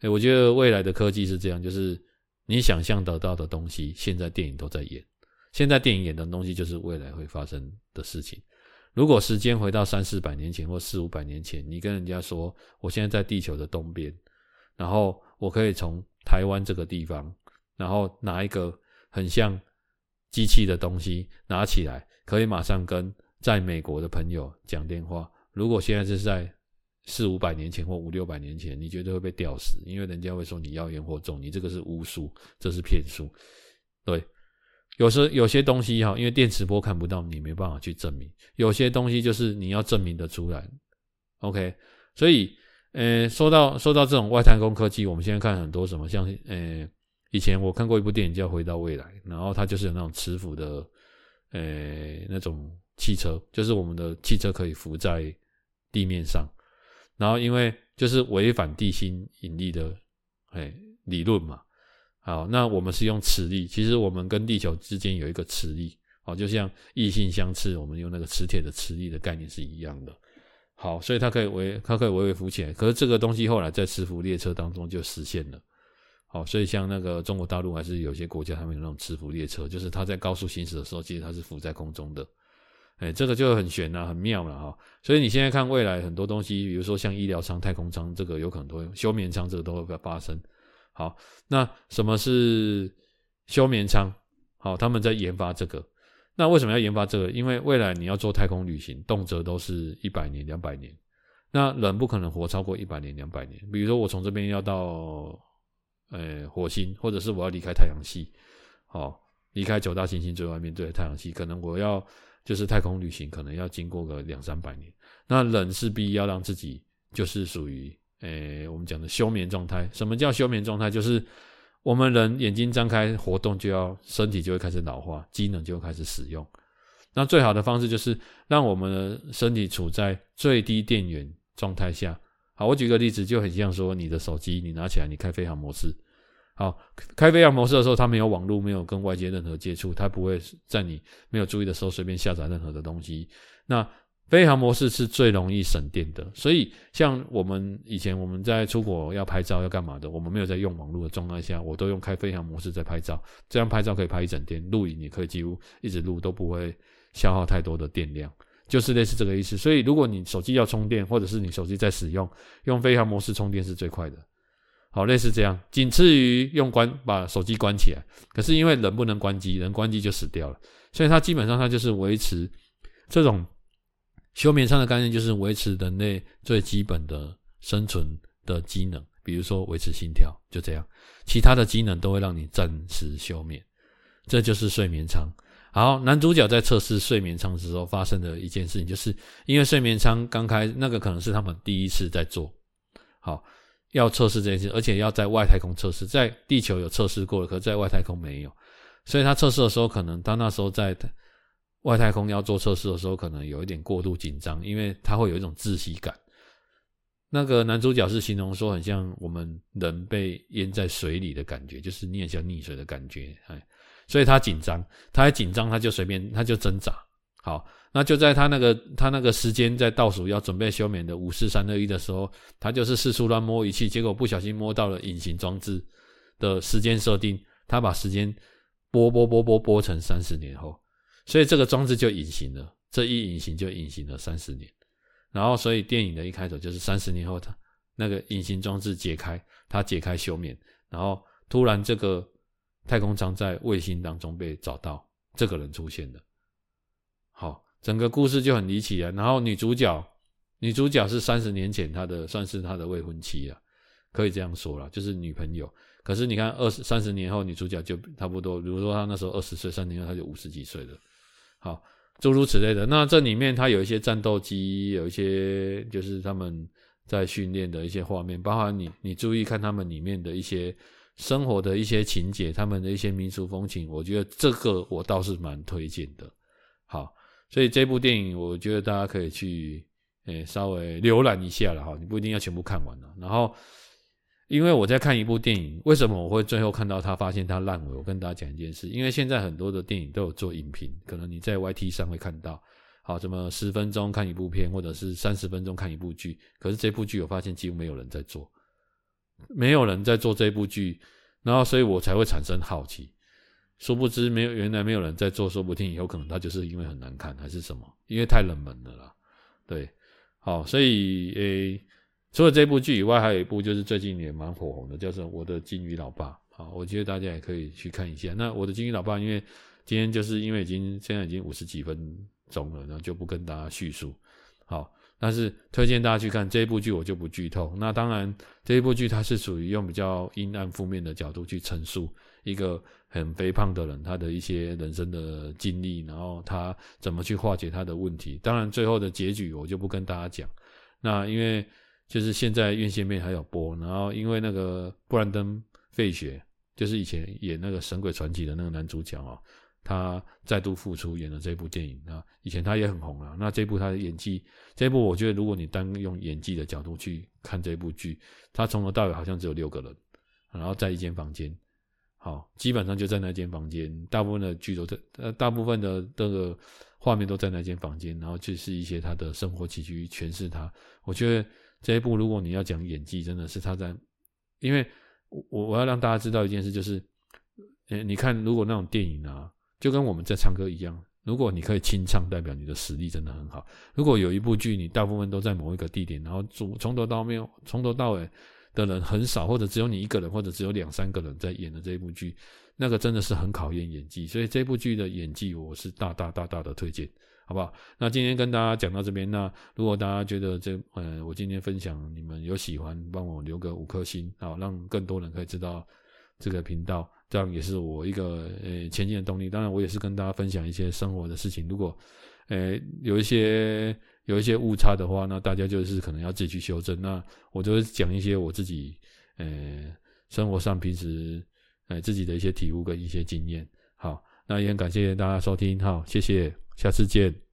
[SPEAKER 1] 哎。我覺得未來的科技是這樣，就是你想象得到的東西，現在電影都在演。現在電影演的東西就是未來會發生的事情。如果時間回到三四百年前或四五百年前，你跟人家說，我現在在地球的東邊，然後我可以從。台灣這個地方，然後拿一個很像機器的東西拿起來，可以馬上跟在美國的朋友講電話。如果現在是在四五百年前或五六百年前，你絕對會被吊死，因為人家會說你妖言惑眾，你這個是巫術，這是騙術。對，有時候有些東西哈，因為電磁波看不到，你沒辦法去證明。有些東西就是你要證明得出來。OK，所以。呃，說到說到這種外太空科技，我們現在看很多什麼，像呃，以前我看過一部電影叫《回到未來》，然後它就是有那種磁浮的呃那種汽車，就是我們的汽車可以浮在地面上，然後因為就是違反地心引力的哎理論嘛。好，那我們是用磁力，其實我們跟地球之間有一個磁力，好，哦，就像異性相斥，我們用那個磁鐵的磁力的概念是一樣的。好，所以它可以微，它可以微微浮起來，可是這個東西後來在磁浮列車當中就實現了。好，所以像那個中國大陸還是有些國家，他們有那種磁浮列車，就是它在高速行駛的時候，其實它是浮在空中的。哎，這個就很玄了、啊，很妙了、啊、哈。所以你現在看未來很多東西，比如說像醫療艙、太空艙，這個有可能會休眠艙，這個都會發生。好，那什麼是休眠艙？好，他們在研發這個。那為什麼要研發這個？因為未來你要做太空旅行，動輒都是一百年、兩百年，那人不可能活超過一百年、兩百年。比如說，我從這邊要到，呃、欸，火星，或者是我要離開太陽系，好、哦，離開九大行星最外面，對的太陽系，可能我要就是太空旅行，可能要經過個兩三百年。那人勢必要讓自己就是屬於，呃、欸，我們講的休眠狀態。什麼叫休眠狀態？就是。我們人眼睛張開，活動就要身體就會開始老化，機能就會開始使用。那最好的方式就是讓我們的身體處在最低電源狀態下。好，我舉個例子，就很像說你的手機，你拿起來，你開飛行模式。好，開飛行模式的時候，它沒有網絡，沒有跟外界任何接觸，它不會在你沒有注意的時候隨便下載任何的東西。那飛行模式是最容易省電的，所以像我們以前我們在出國要拍照要幹嘛的，我們沒有在用網絡的狀態下，我都用開飛行模式在拍照，這樣拍照可以拍一整天，錄影也可以幾乎一直錄都不會消耗太多的電量，就是類似這個意思。所以如果你手機要充電，或者是你手機在使用，用飛行模式充電是最快的。好，類似這樣，僅次於用關把手機關起來，可是因為人不能關機，人關機就死掉了，所以它基本上它就是維持這種。休眠艙的概念就是維持人類最基本的生存的機能，比如說維持心跳，就這樣。其他的機能都會讓你暫時休眠，這就是睡眠艙。好，男主角在測試睡眠艙的時候發生的一件事情，就是因為睡眠艙剛開，那個可能是他們第一次在做，好，要測試這件事，而且要在外太空測試，在地球有測試過了，可在外太空沒有，所以他測試的時候，可能他那時候在。外太空要做測試的時候，可能有一點過度緊張，因為他會有一種窒息感。那個男主角是形容說，很像我們人被淹在水裡的感覺，就是你很像溺水的感覺。哎，所以他緊張，他一緊張，他就隨便，他就掙扎。好，那就在他那個他那個時間在倒數要準備休眠的五四三二一的時候，他就是四處亂摸儀器，結果不小心摸到了隱形裝置的時間設定，他把時間撥撥撥撥撥成三十年後。所以這個裝置就隱形了，這一隱形就隱形了三十年，然後所以電影的一開頭就是三十年後，他那個隱形裝置解開，他解開休眠，然後突然這個太空艙在衛星當中被找到，這個人出現了，好，整個故事就很離奇啊。然後女主角，女主角是三十年前她的，算是她的未婚妻啊，可以這樣說啦，就是女朋友。可是你看二十三十年後，女主角就差不多，比如說她那時候二十歲，三十年後她就五十幾歲了。好，諸如此類的。那這裡面它有一些戰鬥機，有一些就是他們在訓練的一些畫面，包含你你注意看他們裡面的一些生活的一些情節，他們的一些民俗風情，我覺得這個我倒是蠻推薦的。好，所以這部電影我覺得大家可以去，欸，稍微瀏覽一下了哈，你不一定要全部看完了。然後。因為我在看一部電影，為什麼我會最後看到他發現他爛尾？我跟大家講一件事，因為現在很多的電影都有做影評，可能你在 Y T 上會看到，好，怎麼十分鐘看一部片，或者是三十分鐘看一部劇。可是這部劇我發現幾乎沒有人在做，沒有人在做這部劇，然後所以我才會產生好奇。殊不知沒有原來沒有人在做，說不定有可能他就是因為很難看，還是什麼，因為太冷門了啦。對，好，所以誒。除了這部劇以外，還有一部就是最近也蠻火紅的，叫做《我的鯨魚老爸》。好，我覺得大家也可以去看一下。那《我的鯨魚老爸》，因為今天就是因為已經現在已經五十幾分鐘了，然後就不跟大家敘述。好，但是推薦大家去看這一部劇，我就不劇透。那當然這一部劇它是屬於用比較陰暗負面的角度去陳述一個很肥胖的人，他的一些人生的經歷，然後他怎麼去化解他的問題。當然最後的結局我就不跟大家講。那因為就是現在院線面還有播，然後因為那個布蘭登·費雪，就是以前演那個《神鬼傳奇》的那個男主角、哦、他再度復出演了這部電影啊。那以前他也很紅啊。那這部他的演技，這部我覺得，如果你單用演技的角度去看這部劇，他從頭到尾好像只有六個人，然後在一間房間，好，基本上就在那間房間，大部分的劇都在呃，大部分的那個畫面都在那間房間，然後就是一些他的生活起居，全是他。我覺得。這一部如果你要講演技，真的是他在，因為我我要讓大家知道一件事，就是，你看如果那種電影啊，就跟我們在唱歌一樣，如果你可以清唱，代表你的實力真的很好。如果有一部劇，你大部分都在某一個地點，然後從從頭到後面，從頭到尾的人很少，或者只有你一個人，或者只有兩三個人在演的這一部劇，那個真的是很考驗演技。所以這部劇的演技，我是大大大大的推薦。好不好？那今天跟大家講到這邊，那如果大家覺得這，呃，我今天分享你們有喜歡，幫我留個五顆星，好，讓更多人可以知道這個頻道，這樣也是我一個呃前進的動力。當然，我也是跟大家分享一些生活的事情，如果呃有一些有一些誤差的話，那大家就是可能要自己去修正。那我就會講一些我自己呃生活上平時呃自己的一些體悟跟一些經驗。好，那也很感謝大家收聽，好，謝謝。下次見。